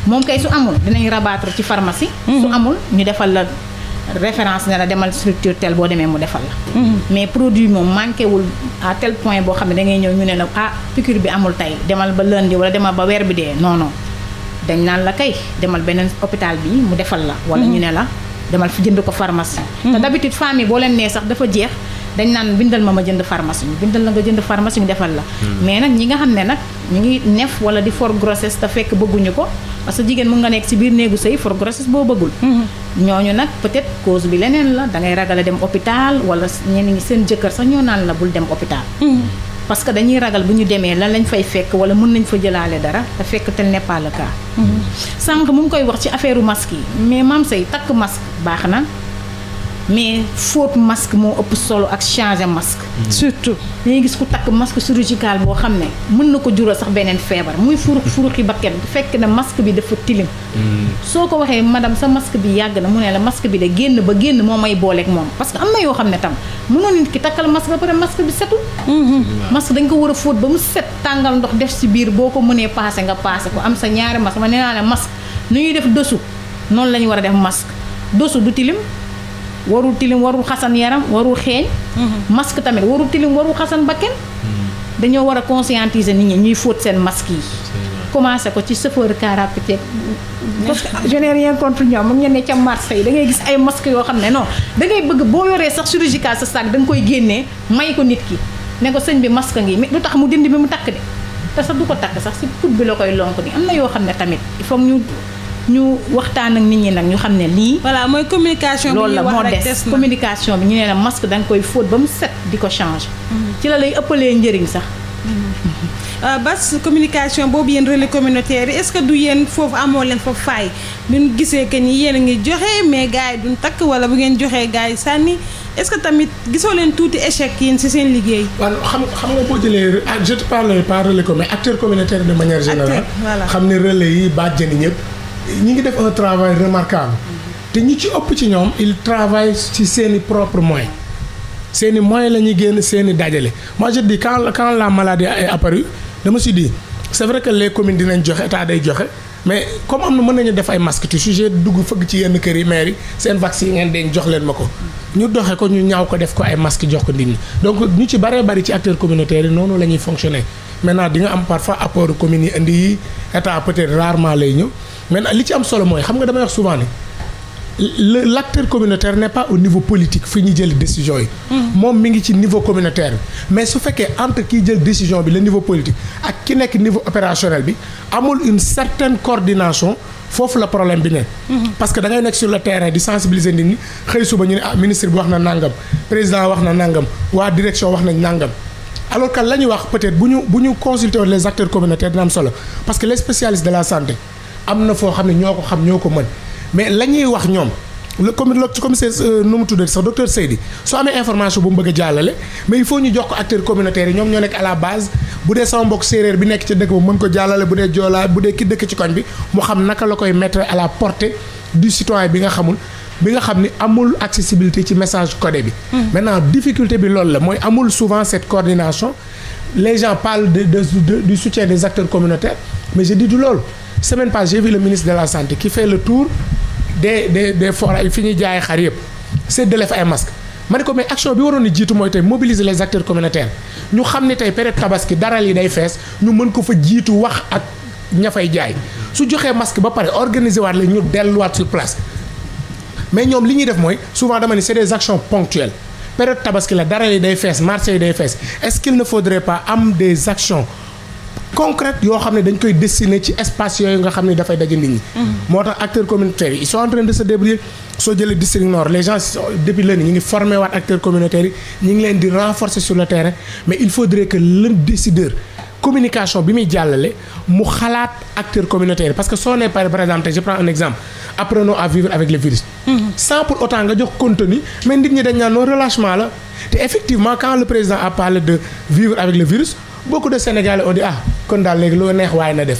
moom kay su amul dinañ rabattre ci farmasi mhm. su amul ñu defal la. référence ne la demal structure tel boo demee mu defal la. mais produit moom manqué wul à tel point boo xam ne da ngay ñëw ñu ne la ah piqûre bi amul tey demal ba lundi wala demal ba weer bi dee non dañ naan la kay demal beneen hôpital bi mu defal la. wala mhm. ñu ne la demal jënd ko pharmacie. Mhm. te d'habitude femme yi boo leen nee sax dafa jeex dañ naan bindal ma ma jënd pharmacie ñu bindal la nga jënd pharmacie ñu defal la. Mhm. mais nag ñi nga xam ne nag ñu ngi nef wala di for grossesse te fekk bëgguñu ko parce que jigéen mun nga nekk ci biir néegu sëy for grossesse boo bëggul. ñooñu nag peut-être cause bi leneen la dangay ngay ragal a dem hôpital wala ñeen ñi seen jëkkër sax ñoo naan la bul dem hôpital. parce que dañuy ragal bu ñu demee lan lañ fay fekk wala mën nañ fa jëlaale dara te fekk tel n'est pas le cas. Mhm. sànq mu koy wax ci affaire masque yi mais maam say takk masque baax na. mais fóot masque moo ëpp solo ak changer masque. Mm-hmm. surtout dañuy gis ku takk masque chirurgical boo xam ne mën na ko jural sax beneen feebar muy furux mm-hmm. furuxi bakket bu fekk na masque bi dafa tilim. Mm-hmm. soo ko waxee madame sa masque bi yàgg na mu ne la masque bi de génn ba génn moo may booleeg moom parce que am na yoo xam ne tam mënoon nit ki takkal masque ba pare masque bi setul. masque dañ ko war a fóot ba mu set tàngal ndox def si biir boo ko mënee paase nga paase ko am sa ñaari masque ma nee naa ne nu ñuy def dosu noonu la ñu war a def masque dosu du tilim. warul tilim warul xasan yaram warul xeeñ. Mm-hmm. masque tamit warul tilim warul xasan bakken. Mm-hmm. dañoo war a conscientiser nit ñi ñuy fóot seen masque yi. commencé ko ci chauffeur car rapide mm-hmm. parce que je n'ai rien contre ñoom mu ngi yi da ngay gis ay masque yoo xam ne non da bëgg boo yoree sax chirurgical sa sac da nga koy génnee may ko nit ki ne ko sëñ bi masque ngi mais du tax mu dindi bi mu takk de te sax du ko takk sax si put bi la koy lonk ni am na yoo xam ne tamit il ñu. ñu waxtaan ak nit ñi nag ñu xam ne nii voilà mooy communication bi la moo des bi ñu ne la masque da koy fóot ba mu set di ko changer. Mhm. ci la lay ëppalee njëriñ sax. Mhm. Euh, Bas communication boobu yéen rele communautaire yi est-ce que du yéen foofu amoo leen fa faay bu ñu gisee que ni yéen a ngi joxe mais gars yi duñ takk wala bu ngeen joxee gars yi sànni est-ce que tamit gisoo leen tuuti échec yéen ci seen liggéey. waaw xam xam nga boo jëlee ah, je te parle pas relais mais acteur communautaire de manière générale. xam ne relais yi bàjjeni ñëpp. ñu ngi def un travail remarquable te ñu ci ëpp ci ñoom il travaille ci seeni propre moyen seeni moyen la ñuy génn seeni dajale moi je dis quand quand la maladie est apparue je me suis dit c'est vrai dinañ joxe état day joxe mais comme am na mën nañu def ay masque tu sujet dugg fëgg ci yenn kër yi maire seen seen yi ngeen deñ jox leen ma ko ñu doxe ko ñu ñaaw ko def ko ay masque jox ko nit ñi donc ñu ci baree bari ci acteurs communautaires yi noonu la ñuy fonctionner maintenant di nga am parfois apport communes yi indi état peut-être rarement lay ñëw maintenant li ci am solo mooy xam nga damay wax souvent ni l' acteur communautaire n' au niveau politique fi ñu jël décision yi. Mm-hmm. moom mi ngi ci niveau communautaire bi. mais su fekkee entre kiy jël décision bi le niveau politique ak ki nekk niveau opérationnel bi amul une certaine coordination foofu la problème bi ne. Mm-hmm. parce que da ngay nekk sur le terrain di sensibiliser nit ñu ne ah, bi wax na nangam président wax na nangam waa direction wax nañ nangam. alors que la ñuy wax peut-être bu ñu bu ñu consulter les acteurs communautaires dina am solo parce que les spécialistes de la santé. am na foo xam ne ñoo ko xam ñoo ko mën mais la ñuy wax ñoom le comité le commissaire euh, nu mu tuddati sax docteur Seydi su amee information bu mu bëgg a jàllale mais il faut ñu jox ko acteurs communautaires yi ñoom ñoo nekk a la base bu dee sama mbokk séeréer bi nekk ci dëkk ba mën ko jàllale bu dee joolaa bu dee ki dëkk ci koñ bi mu xam naka la koy mettre à la portée du citoyen bi nga xamul bi nga xam ni amul accessibilité ci message codé bi. maintenant difficulté bi loolu la mooy amul souvent cette coordination les gens parlent de, de, de, du soutien des acteurs communautaires mais loolu. semaine passée j'ai vu ministre de la santé ki fait le tour des des des forages fi ñuy jaay xar yëpp séddale fa ay masques ma ne ko may action bi waroon na jiitu mooy tey mobilisé les acteurs communautaires ñu xam ne tey période tabaski daral yi day fees ñu mën ko fa jiitu wax ak ña fay jaay su joxee masque ba pare organiser waat la ñu delluwaat sur place mais ñoom li ñuy def mooy souvent dama ne c'est des action ponctuelles période tabaski la daral lii day fees marché yi day fees est-ce pas am des actions. concrètes yoo xam ne dañ koy destiné ci espace yooyu nga xam ne dafay daje nit ñi. Mm-hmm. moo tax acteurs communautaires yi ils sont de se débrouiller soo jëlee district nord les gens depuis lundi ñu ngi waat acteurs communautaires yi ñu ngi leen di renforcer sur le terrain mais il faudrait que le décideur. communication bi muy jàllale mu xalaat acteurs communautaires parce que soo nee par exemple je prends un exemple apprenons à vivre avec le virus. Mm-hmm. sans kon daal léegi loo neex waaye na def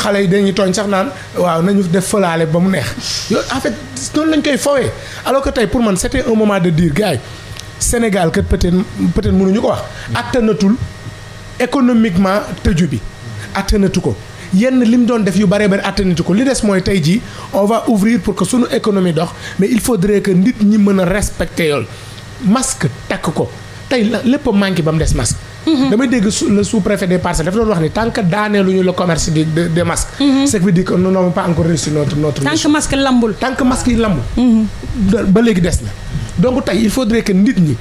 xale yi dañuy tooñ sax naan waaw nañu def fëlaale ba mu neex loolu en fait noonu lañ koy fowee alors que tey pour man c'était un moment de dire gars Sénégal kat peut-être peut-être mënuñu ko wax. attanatul économiquement tëju bi attenatu ko. yenn li mu doon def yu bare bare attanitu ko li des mooy tey jii on va ouvrir pour que sunu économie dox mais il faudrait que nit ñi mën a respecter yoon masque takk ko tey lépp a ba mu des masque. damay dégg le sous-préfet des parcelles dafa doon wax ni tant que daaneelu ñu le commerce di des masques. Mhm. ce qui lambul. tant que yi lambul. Mhm. ba léegi des na. donc tey il faudrait que nit ñi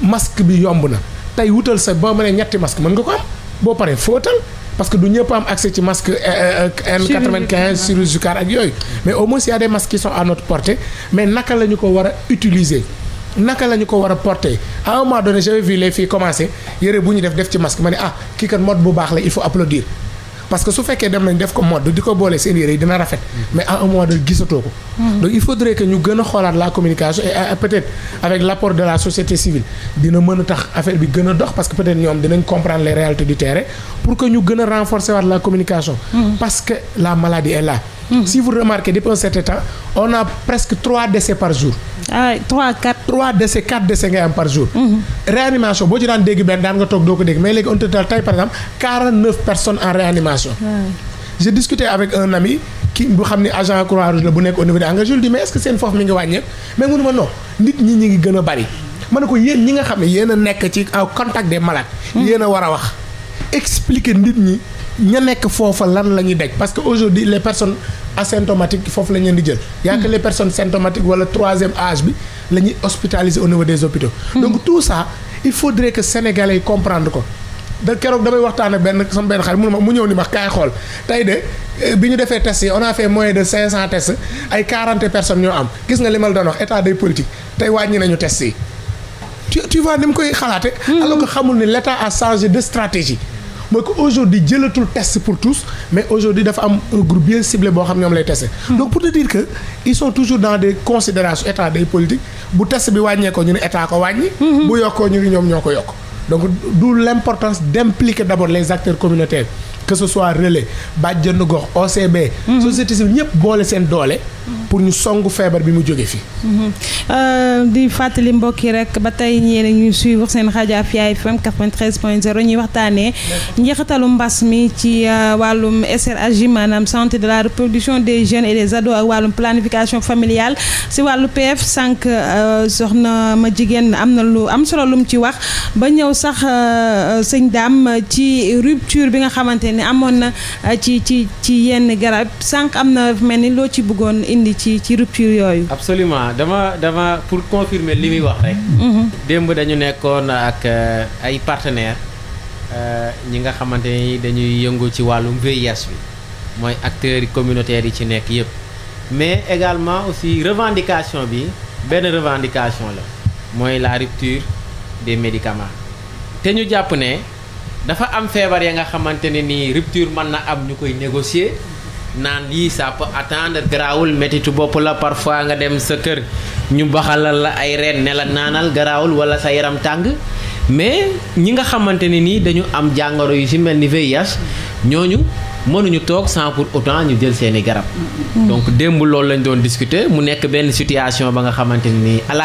masque bi yomb na tey wutal sa boo mënee ñetti masque mën nga ko am boo paree fóotal parce que du ñëpp am accès ci masque euh, euh, N95 chirurgical ak yooyu mais au moins y a des masques qui sont à notre portée mais naka la ñu ko war a utiliser. naka la ñu ko war a porter à un moment donné j'avais vu les filles commencer yëre bu ñu def def ci masque ma ne ah kii kat mode bu baax la il faut applaudir parce su fekkee dem nañ def ko mode di ko boole seen yére yi dina rafet. Mm-hmm. mais à un gisatoo ko. Mm-hmm. donc il faudrait que ñu gën a xoolaat la communication et peut-être avec l'apport de la société civile dina mën a tax affaire bi gën dox parce que peut-être ñoom dinañ comprendre les réalités du terrain pour que ñu gën a la communication. Mm-hmm. parce que la maladie est là. si vous ah 3 4. 3 décès 4 décès ngay am par jour. Mhm. réanimation boo ci daan dégg benn daan nga toog doo ko dégg mais léegi on total tey par exemple 49 personnes en réanimation. j'ai discuté avec un ami ki bu xam ne agent croix la bu nekk au niveau de engrais je lui dis mais est ce que seen foofu mi ngi wàññeeku mais mënu ma non nit ñi ñu ngi gën a bari. ma ne ko yéen ñi nga xam ne yéen a nekk ci en contact des malades. Mhm. yéen a war a wax expliquer nit ñi. ña nekk foofa lan la ñuy daj parce que aujourd'hui les personnes asymptomatiques foofu la ñu leen di jël. yaa que hmm. les personnes symptomatiques wala troisième âge bi la ñuy hospitaliser au niveau des hôpitaux. Hmm. donc tout ko. da keroog damay waxtaan benn sama benn xarit mu ma mu ni ma kaay xool tey eh, test yi on a fait de 500 tests ay 40 personnes am gis nga li ma la doon wax état day politique tey wàññi nañu ni mu koy xalaate hmm. alors que xamul ni l' état a changé de stratégie. mooy que aujourd'hui jëlatul test pour tous mais aujourd'hui dafa am un groupe bien ciblé boo xam ñoom lay testé hmm. donc pour te dire que ils sont toujours dans des considérations état day politique bu test bi wàññee ñu ne état ko wàññi hmm. bu yokkoo ñu ne ñoom ñoo ko yokk donc d'où l'importance d'impliquer d'abord les acteurs communautaires que ce soit relais bàjjenu gox OCB. Mhm. société civile ñëpp boole seen doole. pour ñu songu feebar bi mu jóge fi mhm. euh, di fàttali mbokk yi rek ba tey ñeen ñuy suivre seen rajo Afia FM 93.0 ñuy waxtaanee njeexitalu mbas mi ci euh, wàllum SRAJ maanaam santé de la reproduction des jeunes et des ados ak wàllum planification familiale si wàllu PF sànq euh, soxna ma jigéen am na lu am solo lum ci wax ba ñëw sax sëñ daam ci rupture bi nga xamante ni amoon na uh, ci ci ci yenn garab sànq am na mel ni loo ci bëggoon indi ci ci rupture yooyu. absolument dama dama pour confirmer li muy wax rek. Mm-hmm. démb dañu nekkoon ak uh, ay partenaires uh, ñi nga xamante ni dañuy yëngu ci wàllu VIH bi mooy acteurs communautaires yi ci nekk yëpp. mais également aussi revendication bi benn revendication la mooy la rupture des médicament te ñu jàpp ne. dafa am feebar ya nga xamante ne nii rupture mën na am ñu koy négocier naan lii ça peut attendre garaawul métitu bopp la parfois nga dem sa kër ñu baxalal la ay reen ne la naanal garaawul wala sa yaram tàng mais ñi nga xamante ne nii dañu am jàngoro yu ci mel ni VIH ñooñu mënuñu toog sans pour ñu jël seeni garab. donc démb loolu lañ doon discuter mu nekk benn situation ba nga xamante ne nii à la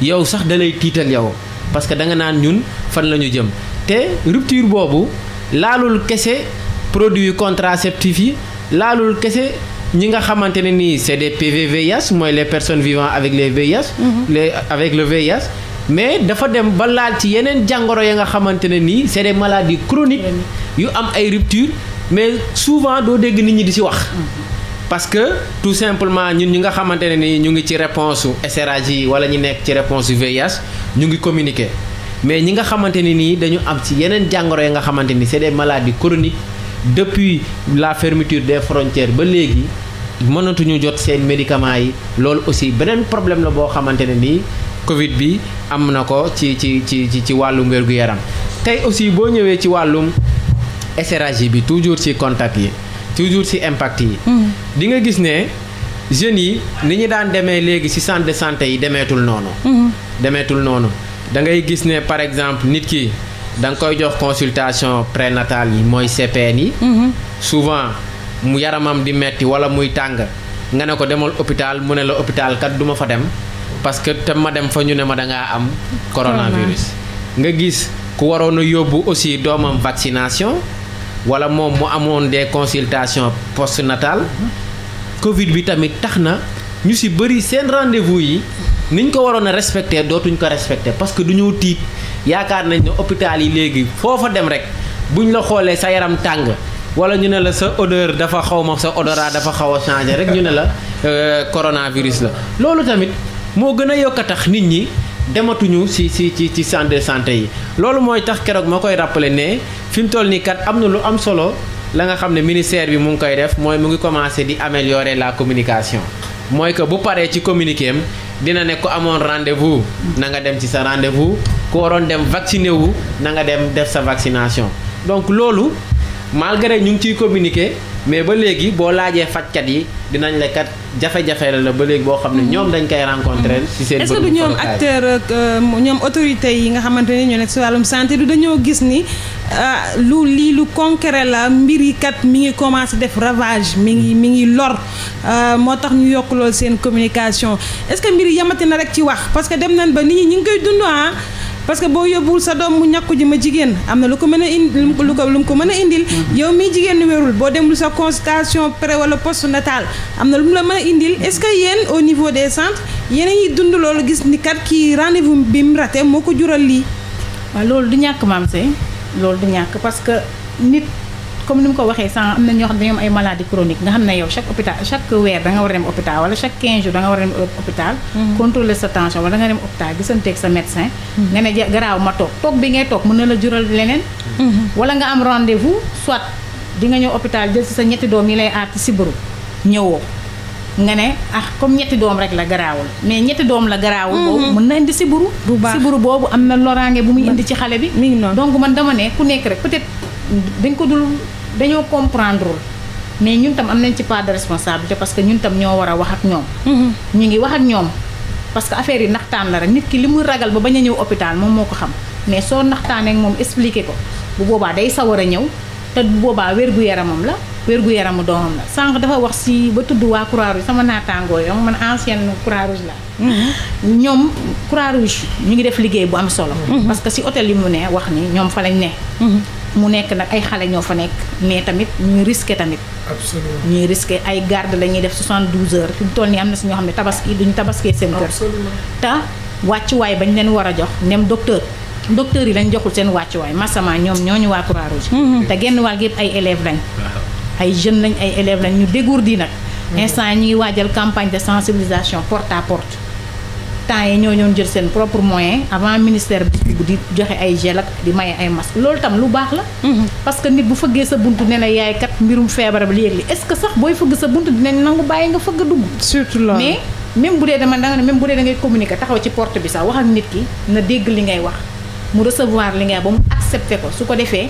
yow sax da lay tiital yow parce que da nga naan ñun fan la ñu jëm. te rupture boobu laalul kese produit contraceptif yi laalul kese ñi nga xamante ne nii c'est des PVVIH mooy les personnes vivant avec les VIH. Mm-hmm. les avec le VIH. mais dafa dem ba laal ci yeneen jàngoro ya nga xamante ne nii c'est des maladies chroniques yu am ay rupture mais souvent doo dégg nit ñi di ci wax. Mm-hmm. parce que tout simplement ñun ñi nga xamante ne nii ñu ngi ci réponse su SRAJ wala ñu nekk ci réponse su ñu ngi communiquer. mais ñi nga xamante ni nii dañu am ci yeneen jàngoro yi nga xamante ni c'est des maladies chroniques depuis la fermeture des frontières ba léegi mënatuñu jot seen médicaments yi loolu aussi beneen problème la boo xamante ne nii Covid bi am na ko ci ci ci ci wàllum wérgu yaram tey aussi boo ñëwee ci wàllum SRAJ bi toujours ci contact yi toujours ci impact yi. Mm-hmm. di nga gis ne jeunes yi ni ñu daan demee léegi ci centre de santé yi demeetul noonu. Mm-hmm. demeetul noonu. da ngay gis ne par exemple nit ki da nga koy jox consultation nataal yi mooy CPN yi. Mhm. souvent mu yaramam di metti wala muy tàng nga ne ko demal hôpital mu ne la hôpital kat du fa dem parce que te ma dem fa ñu ne ma da am. coronavirus nga gis ku waroon a yóbbu aussi doomam vaccination wala moom mu amoon des consultations nataal mhm. Covid bi tamit tax na ñu ci bëri seen rendez-vous yi. niñ ko waroon a respecté dootuñ ko respecté parce que du ñu tiit yaakaar nañ ne hôpital yi léegi foofa dem rek buñ la xoolee sa yaram tàng wala ñu ne la sa odeur dafa xaw ma sa odorat dafa xaw a changé rek ñu ne la euh, coronavirus la loolu tamit moo gën a yokk a tax nit ñi dematuñu ci ci ci ci sante de santé yi loolu mooy tax keroog ma koy rappelé ne fi mu toll nii kat am na lu am solo la nga xam ne ministère bi mu ngi koy def mooy mu ngi commencé di améliorer la communication mooy que bu paree ci communiqué dina ne ko amoon rendez-vous na nga dem ci sa rendez-vous ku waroon dem vacciné wu na dem def sa vaccination donc loolu malgré ñu ngi ciy communiquer mais ba léegi boo laajee fajkat yi dinañ la kat jafe-jafe la la ba léegi boo xam ne ñoom dañ koy rencontré ci seen est-ce que du ñoom euh, yi nga xamante ni ñoo nekk si wàllum santé du dañoo gis ni ah, lu lii lu concret la mbir yi kat mi ngi commencé def ravage mi ngi mi ngi lor euh, moo tax ñu yokk seen communication est-ce que mbir yamati na rek ci wax parce que dem nañ ba nit ñi ñu ngi koy dund ah parce que boo yóbbuwul sa doom bu ñàkku ji ma jigéen am na lu ko mën a indi lu lu mu ko mën a indil mm-hmm. yow mii jigéen ni wérul boo demul sa consultation pré wala post natal am na lu mu la mën a indil est-ce que yéen au niveau des centres yéen yi ngi dund loolu gis ni kat kii rendez-vous bi mu raté moo ko jural lii waa loolu du ñàkk maam see loolu du ñàkk parce que nit comme ni mu ko waxee sànq am na ñoo xam ne dañoo am ay maladie chronique nga xam ne yow chaque hôpital chaque weer da war a dem hôpital wala chaque 15 jours war a dem hôpital mm-hmm. contrôler sa tension wala da nga dem hôpital gisanteeg sa médecin mm-hmm. nga ne garaaw ma toog toog bi ngay toog mën na mm-hmm. wala nga am rendez-vous soit di nga ñëw hôpital jël sa ñetti doom yi lay aar ci sibiru ñëwoo nga ne ah comme ñetti doom rek la garaawul mais ñetti doom la garaawul boobu mën na indi siburu siburu boobu am na loraange bu muy indi ci xale bi donc man dama ne ku nekk rek peut dañ ko dul dañoo comprendre mais ñun tam am nañ ci part de responsabilité parce que ñun tam ñoo war a wax ak ñoom. Mhm. ñu ngi wax ak ñoom parce que affaire yi naxtaan la rek nit ki li muy ragal ba bañ a ñëw hôpital moom moo ko xam mais soo naxtaanee ak moom expliqué ko bu boobaa day sawar a ñëw te bu boobaa wér gu yaramam la. wérgu yaramu doomam la sànq dafa wax si ba tudd waa Croix-Rouge sama naataangoo yi man ancienne Croix-Rouge la mhm. ñoom Croix-Rouge ñu ngi def liggéey bu am solo. Mhm. parce que si hôtel yi mu ne wax ni ñoom fa lañ ne. mu nekk nag ay xale ñoo fa nekk mais tamit ñuy risqué tamit. absolument ñuy risqué ay garde la ñuy def 72 heures fi mu toll nii am na si ñoo xam ne tabaski duñu tabaskee seen kër. absolument te wàccuwaay bañ leen war a jox nem docteur. docteur yi lañ joxul seen wàccuwaay masama ñoom ñooñu waa Croix Rouge. Mm-hmm. te genn waal gi yëpp ay élèves lañ. ay jeunes lañ ay élèves lañ ñu dégourdi nag. Mm-hmm. instant ñu ngi waajal campagne de sensibilisation porte à porte. temps yi ñoo ñoon jël seen propre moyen avant ministère bi di joxe ay gel ak di maye ay masque lool tam lu baax la mhm. parce que nit bu fëggee sa buntu ne la yaay kat mbirum feebar bi léegi est-ce que sax booy fëgg sa buntu dinañ nangu bàyyi nga fëgg a dugg surtout loolu mais même bu dee dama da nga ne même bu dee da ngay communiquer taxaw ci porte bi sax wax ak nit ki na dégg li ngay wax mu recevoir li ngay ba mu accepté ko su ko defee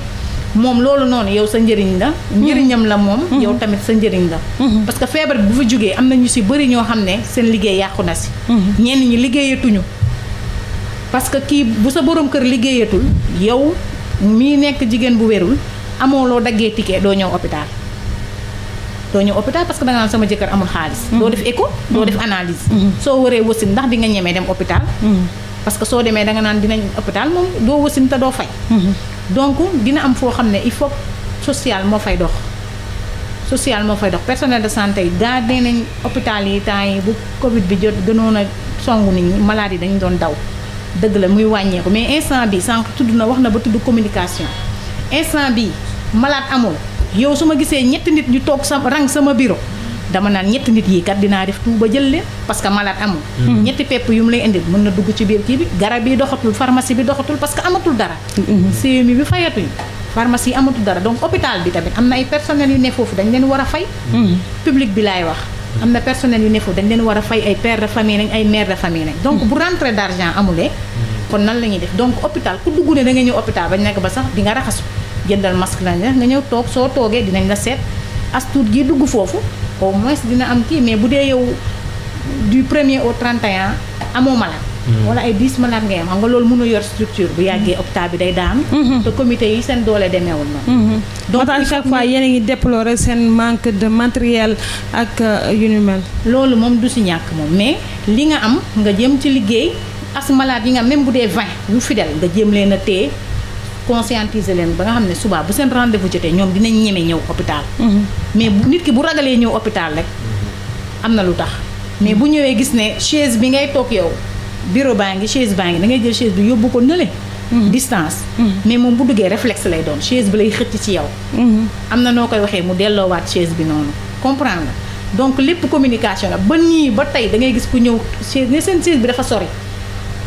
moom loolu noonu yow sa njëriñ la mm-hmm. njëriñam la moom mm-hmm. yow tamit sa njëriñ la mm-hmm. parce que feebar bi bu fa jógee am na ñu si bëri ñoo xam ne seen liggéey yàqu na si ñenn ñi liggéeyatuñu parce que kii bu sa borom kër liggéeyatul yow mii nekk jigéen bu wérul amoo loo daggee ticket doo ñëw hôpital doo ñëw hôpital parce que naan sama jëkkër amul xaalis doo def écho doo def analyse soo waree wasin ndax di nga ñemee dem hôpital parce que soo demee da nga naan dinañ hôpital moom doo wasin te doo fay donc dina am foo xam ne il faut social moo fay dox sociale moo fay dox personnel de santé yi gaa dee nañ hôpital yi temps yi bu Covid bi jot gënoon a songu nit ñi yi dañu doon daw dëgg la muy wàññeeku mais instant bi sànq tudd na wax na ba tudd communication instant bi malaat amul yow su ma gisee ñetti nit ñu toog sa rang sama bureau. dama naan ñetti nit yi kat dinaa def tout ba jël leen parce que malade amul hmm. ñetti pepp yu mu lay indil mën na dugg ci biir kii bi garab yi doxatul pharmacie bi doxatul parce que amatul dara CMU hmm. bi fayatuñ pharmacie amatul dara donc hôpital bi tamit am na ay personnel yu ne foofu dañ leen war a fay hmm. public bi laay wax am na personnel yu ne foofu dañ leen war a fay ay père de famille nañ ay mère de famille nañ donc bu rentrée d'argent amulee kon nan la ñuy def donc hôpital ku dugg ne nga ñëw hôpital nekk ba sax di nga raxasu jëndal masque lañ la nga ñëw toog soo toogee la seet as tuut gi dugg foofu au moins dina am kii mais bu dee yow du premier au 31 amoo malade. Hmm. wala ay 10 malade nga am xam nga loolu mën a yor structure bu yàggee hmm. hôpital bi day daanu. Hmm. te comité yi seen doole demeewul noonu. donc chaque fois yéen a ngi déplorer seen manque de matériel ak euh, yu ni mel. loolu moom du si ñàkk moom mais li nga am nga jëm ci liggéey as malade yi nga même bu dee 20 yu fidèle nga jëm leen a téye conscientiser leen ba nga xam ne suba bu seen rendez-vous jotee ñoom dinañ ñeme ñëw hôpital. Mhm. mais bu nit ki bu ragalee ñëw hôpital rek am na lu tax. mais bu ñëwee gis ne chaise bi ngay toog yow bureau baa ngi chaise baa ngi da ngay jël chaise bi yóbbu ko nële. Mhm. distance. Mhm. mais moom bu duggee reflex lay doon chaise bi lay xëcc ci yow. am na noo koy waxee mu delloowaat chaise bi noonu comprendre nga donc lépp communication la ba nii ba tey da ngay gis ku ñëw chaise ne seen bi dafa sori.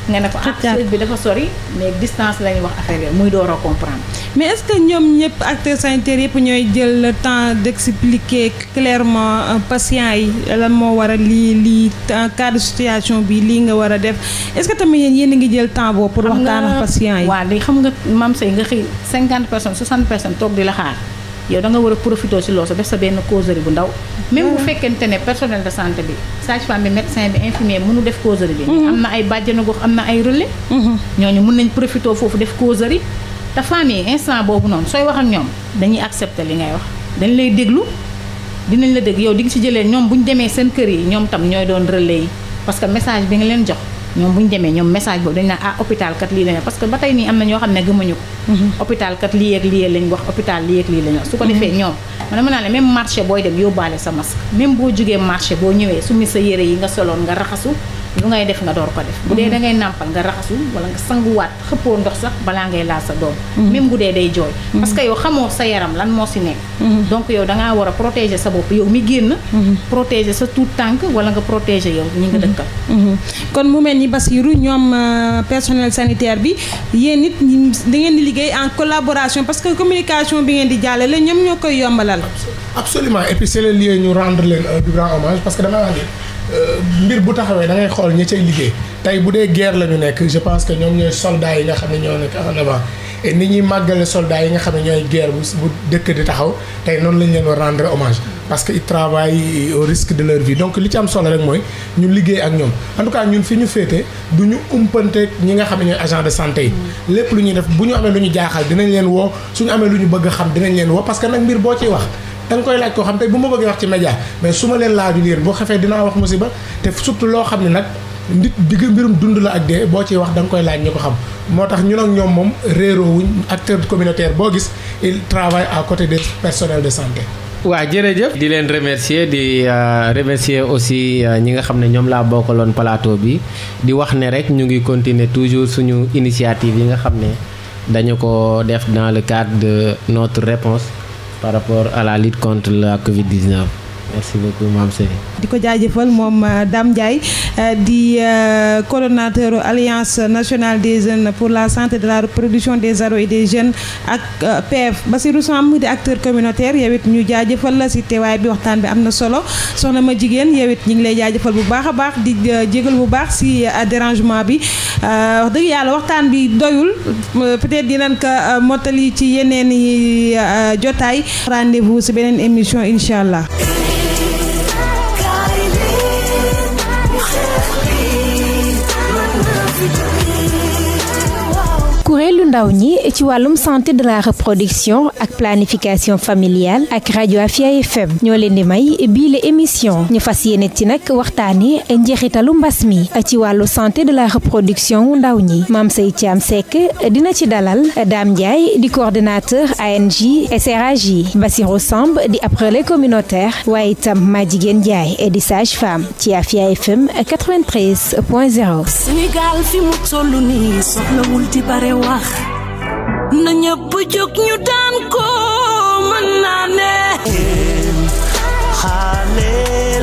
nga ne ko ah bi dafa sori mais distance lañuy wax affaire yi muy door a comprendre. mais est-ce que ñoom ñëpp acteurs sanitaires yëpp ñooy jël le temps d'expliquer clairement euh, patient yi lan moo war a lii lii euh, cas de situation bi lii nga war a def est-ce que tamit yéen ngi jël temps boobu pour waxtaan ak patient yi. waaw léegi xam nga maam say nga xëy cinquante personnes soixante personnes toog di la xaar. yow da nga war a profité si loolu sa def sa benn causerie bu ndaw même bu hmm. fekkente ne personnel de santé bi sage-femme bi médecin bi infirmier mënu def causerie bi hmm. am na ay bàjjenu gox am na ay relais hmm. ñooñu mën nañ profité foofu def causerie te femme yi instant boobu noonu sooy wax ak ñoom dañuy accepter li ngay wax dañ lay déglu dinañ la dégg yow di nga si jëlee ñoom bu ñu demee seen kër yi ñoom tam ñooy doon relais yi parce que message bi nga leen jox ñoom bu ñu demee ñoom message boobu dañ naan ah hôpital kat lii lañ parce que ba tey nii am na ñoo xam ne gëmuñu ko mhm. hôpital kat lii ak lii lañ wax hôpital lii ak lii lañ wax su ko mhm. defee ñoom man mën naa ne même marché booy dem yóbbaale sa masque même boo jógee marché boo ñëwee su sa yére yi nga soloon nga raxasu lu ngay def nga door ko def bu dee dangay ngay nàmpal nga raxasu wala nga sanguwaat xëppoo ndox sax balaa ngay laal sa doom mm-hmm. même bu dee day jooy mm-hmm. parce que yow xamoo sa yaram lan moo si nekk mm-hmm. donc yow dangaa war a protéger sa bopp yow mi génn protégé sa tuut tànk wala nga protégé yow ñi nga dëkkal kon mu mel ni Bassirou ñoom euh, personnel sanitaire bi yéen nit da ngeen di liggéey en collaboration parce que communication bi ngeen di jàllale ñoom ñoo koy yombalal absolument et puis ñu rendre leen que dama Euh, mbir bu taxawee da ngay xool ñi cay liggéey tey bu dee guerre la ñu nekk je pense que ñoom ñooy soldats yi nga xam ne ñoo ni ñuy màggale soldats yi nga xam ne ñooy guerre bu bu dëkk di taxaw tey noonu lañ leen war rendre hommage parce que ils travaillent au risque de leur vie donc li ci am solo rek mooy ñu liggéey ak ñoom en tout cas ñun fi ñu féete du ñu umpante ñi nga xam ne ñooy agent de santé yi mm. lépp lu ñuy def bu ñu amee lu ñu jaaxal dinañ leen woo suñu amee lu ñu bëgg xam dinañ leen woo parce que nag mbir boo ciy wax da nga koy laaj koo xam tey bu ma bëggee wax ci média mais su ma leen laaju yéen boo xefee dinaa wax musiba te surtout loo xam ne nag nit digg mbirum dund la ak dee boo ciy wax danga koy laaj ñu ko xam moo tax ñun ak ñoom moom réeroo wuñ acteur communautaire boo gis il travaille à côté des de santé. waa jërëjëf di leen remercier di euh, remercier aussi euh, ñi nga xam ne ñoom laa bokkaloon plateau bi di wax ne rek ñu ngi continuer toujours suñu initiative yi nga xam ne dañu ko def dans le cadre de notre réponse par rapport à la lutte contre la COVID-19 merci beaucoup maam Sey. di ko jaajëfal moom euh, Dame Ndiaye euh, di euh, coordonnateur alliance nationale des jeunes pour la santé de la reproduction des ados et des jeunes ak PF Basirou Samb di acteur communautaire yow it ñu jaajëfal la si teewaay bi waxtaan bi am na solo soxna ma jigéen yow it ñu ngi lay jaajëfal bu baax a baax di jégal bu baax si dérangement bi wax dëgg yàlla waxtaan bi doyul peut-être dinañ ko mottali ci yeneen yi jotaay rendez-vous si beneen émission incha allah. kuréelu ndaw ñi ci wàllum santé de la reproduction ak planification familiale ak rajo Afia FM ñoo leen di may biile émission ñu fas yéene ci nag waxtaanee njeexitalu mbas mi ci wàllu santé de la reproduction ndaw ñi Mame Saye Thiam Seck dina ci dalal Dame Ndiaye di coordinateur ANJ SRAJ Bassirou Samb di ab relais communautaire waaye itam ma jigéen Ndiaye di sage femme ci Afia FM 93 point 0. wax na ñëpp jóg ñu daan ko mën naa ne xale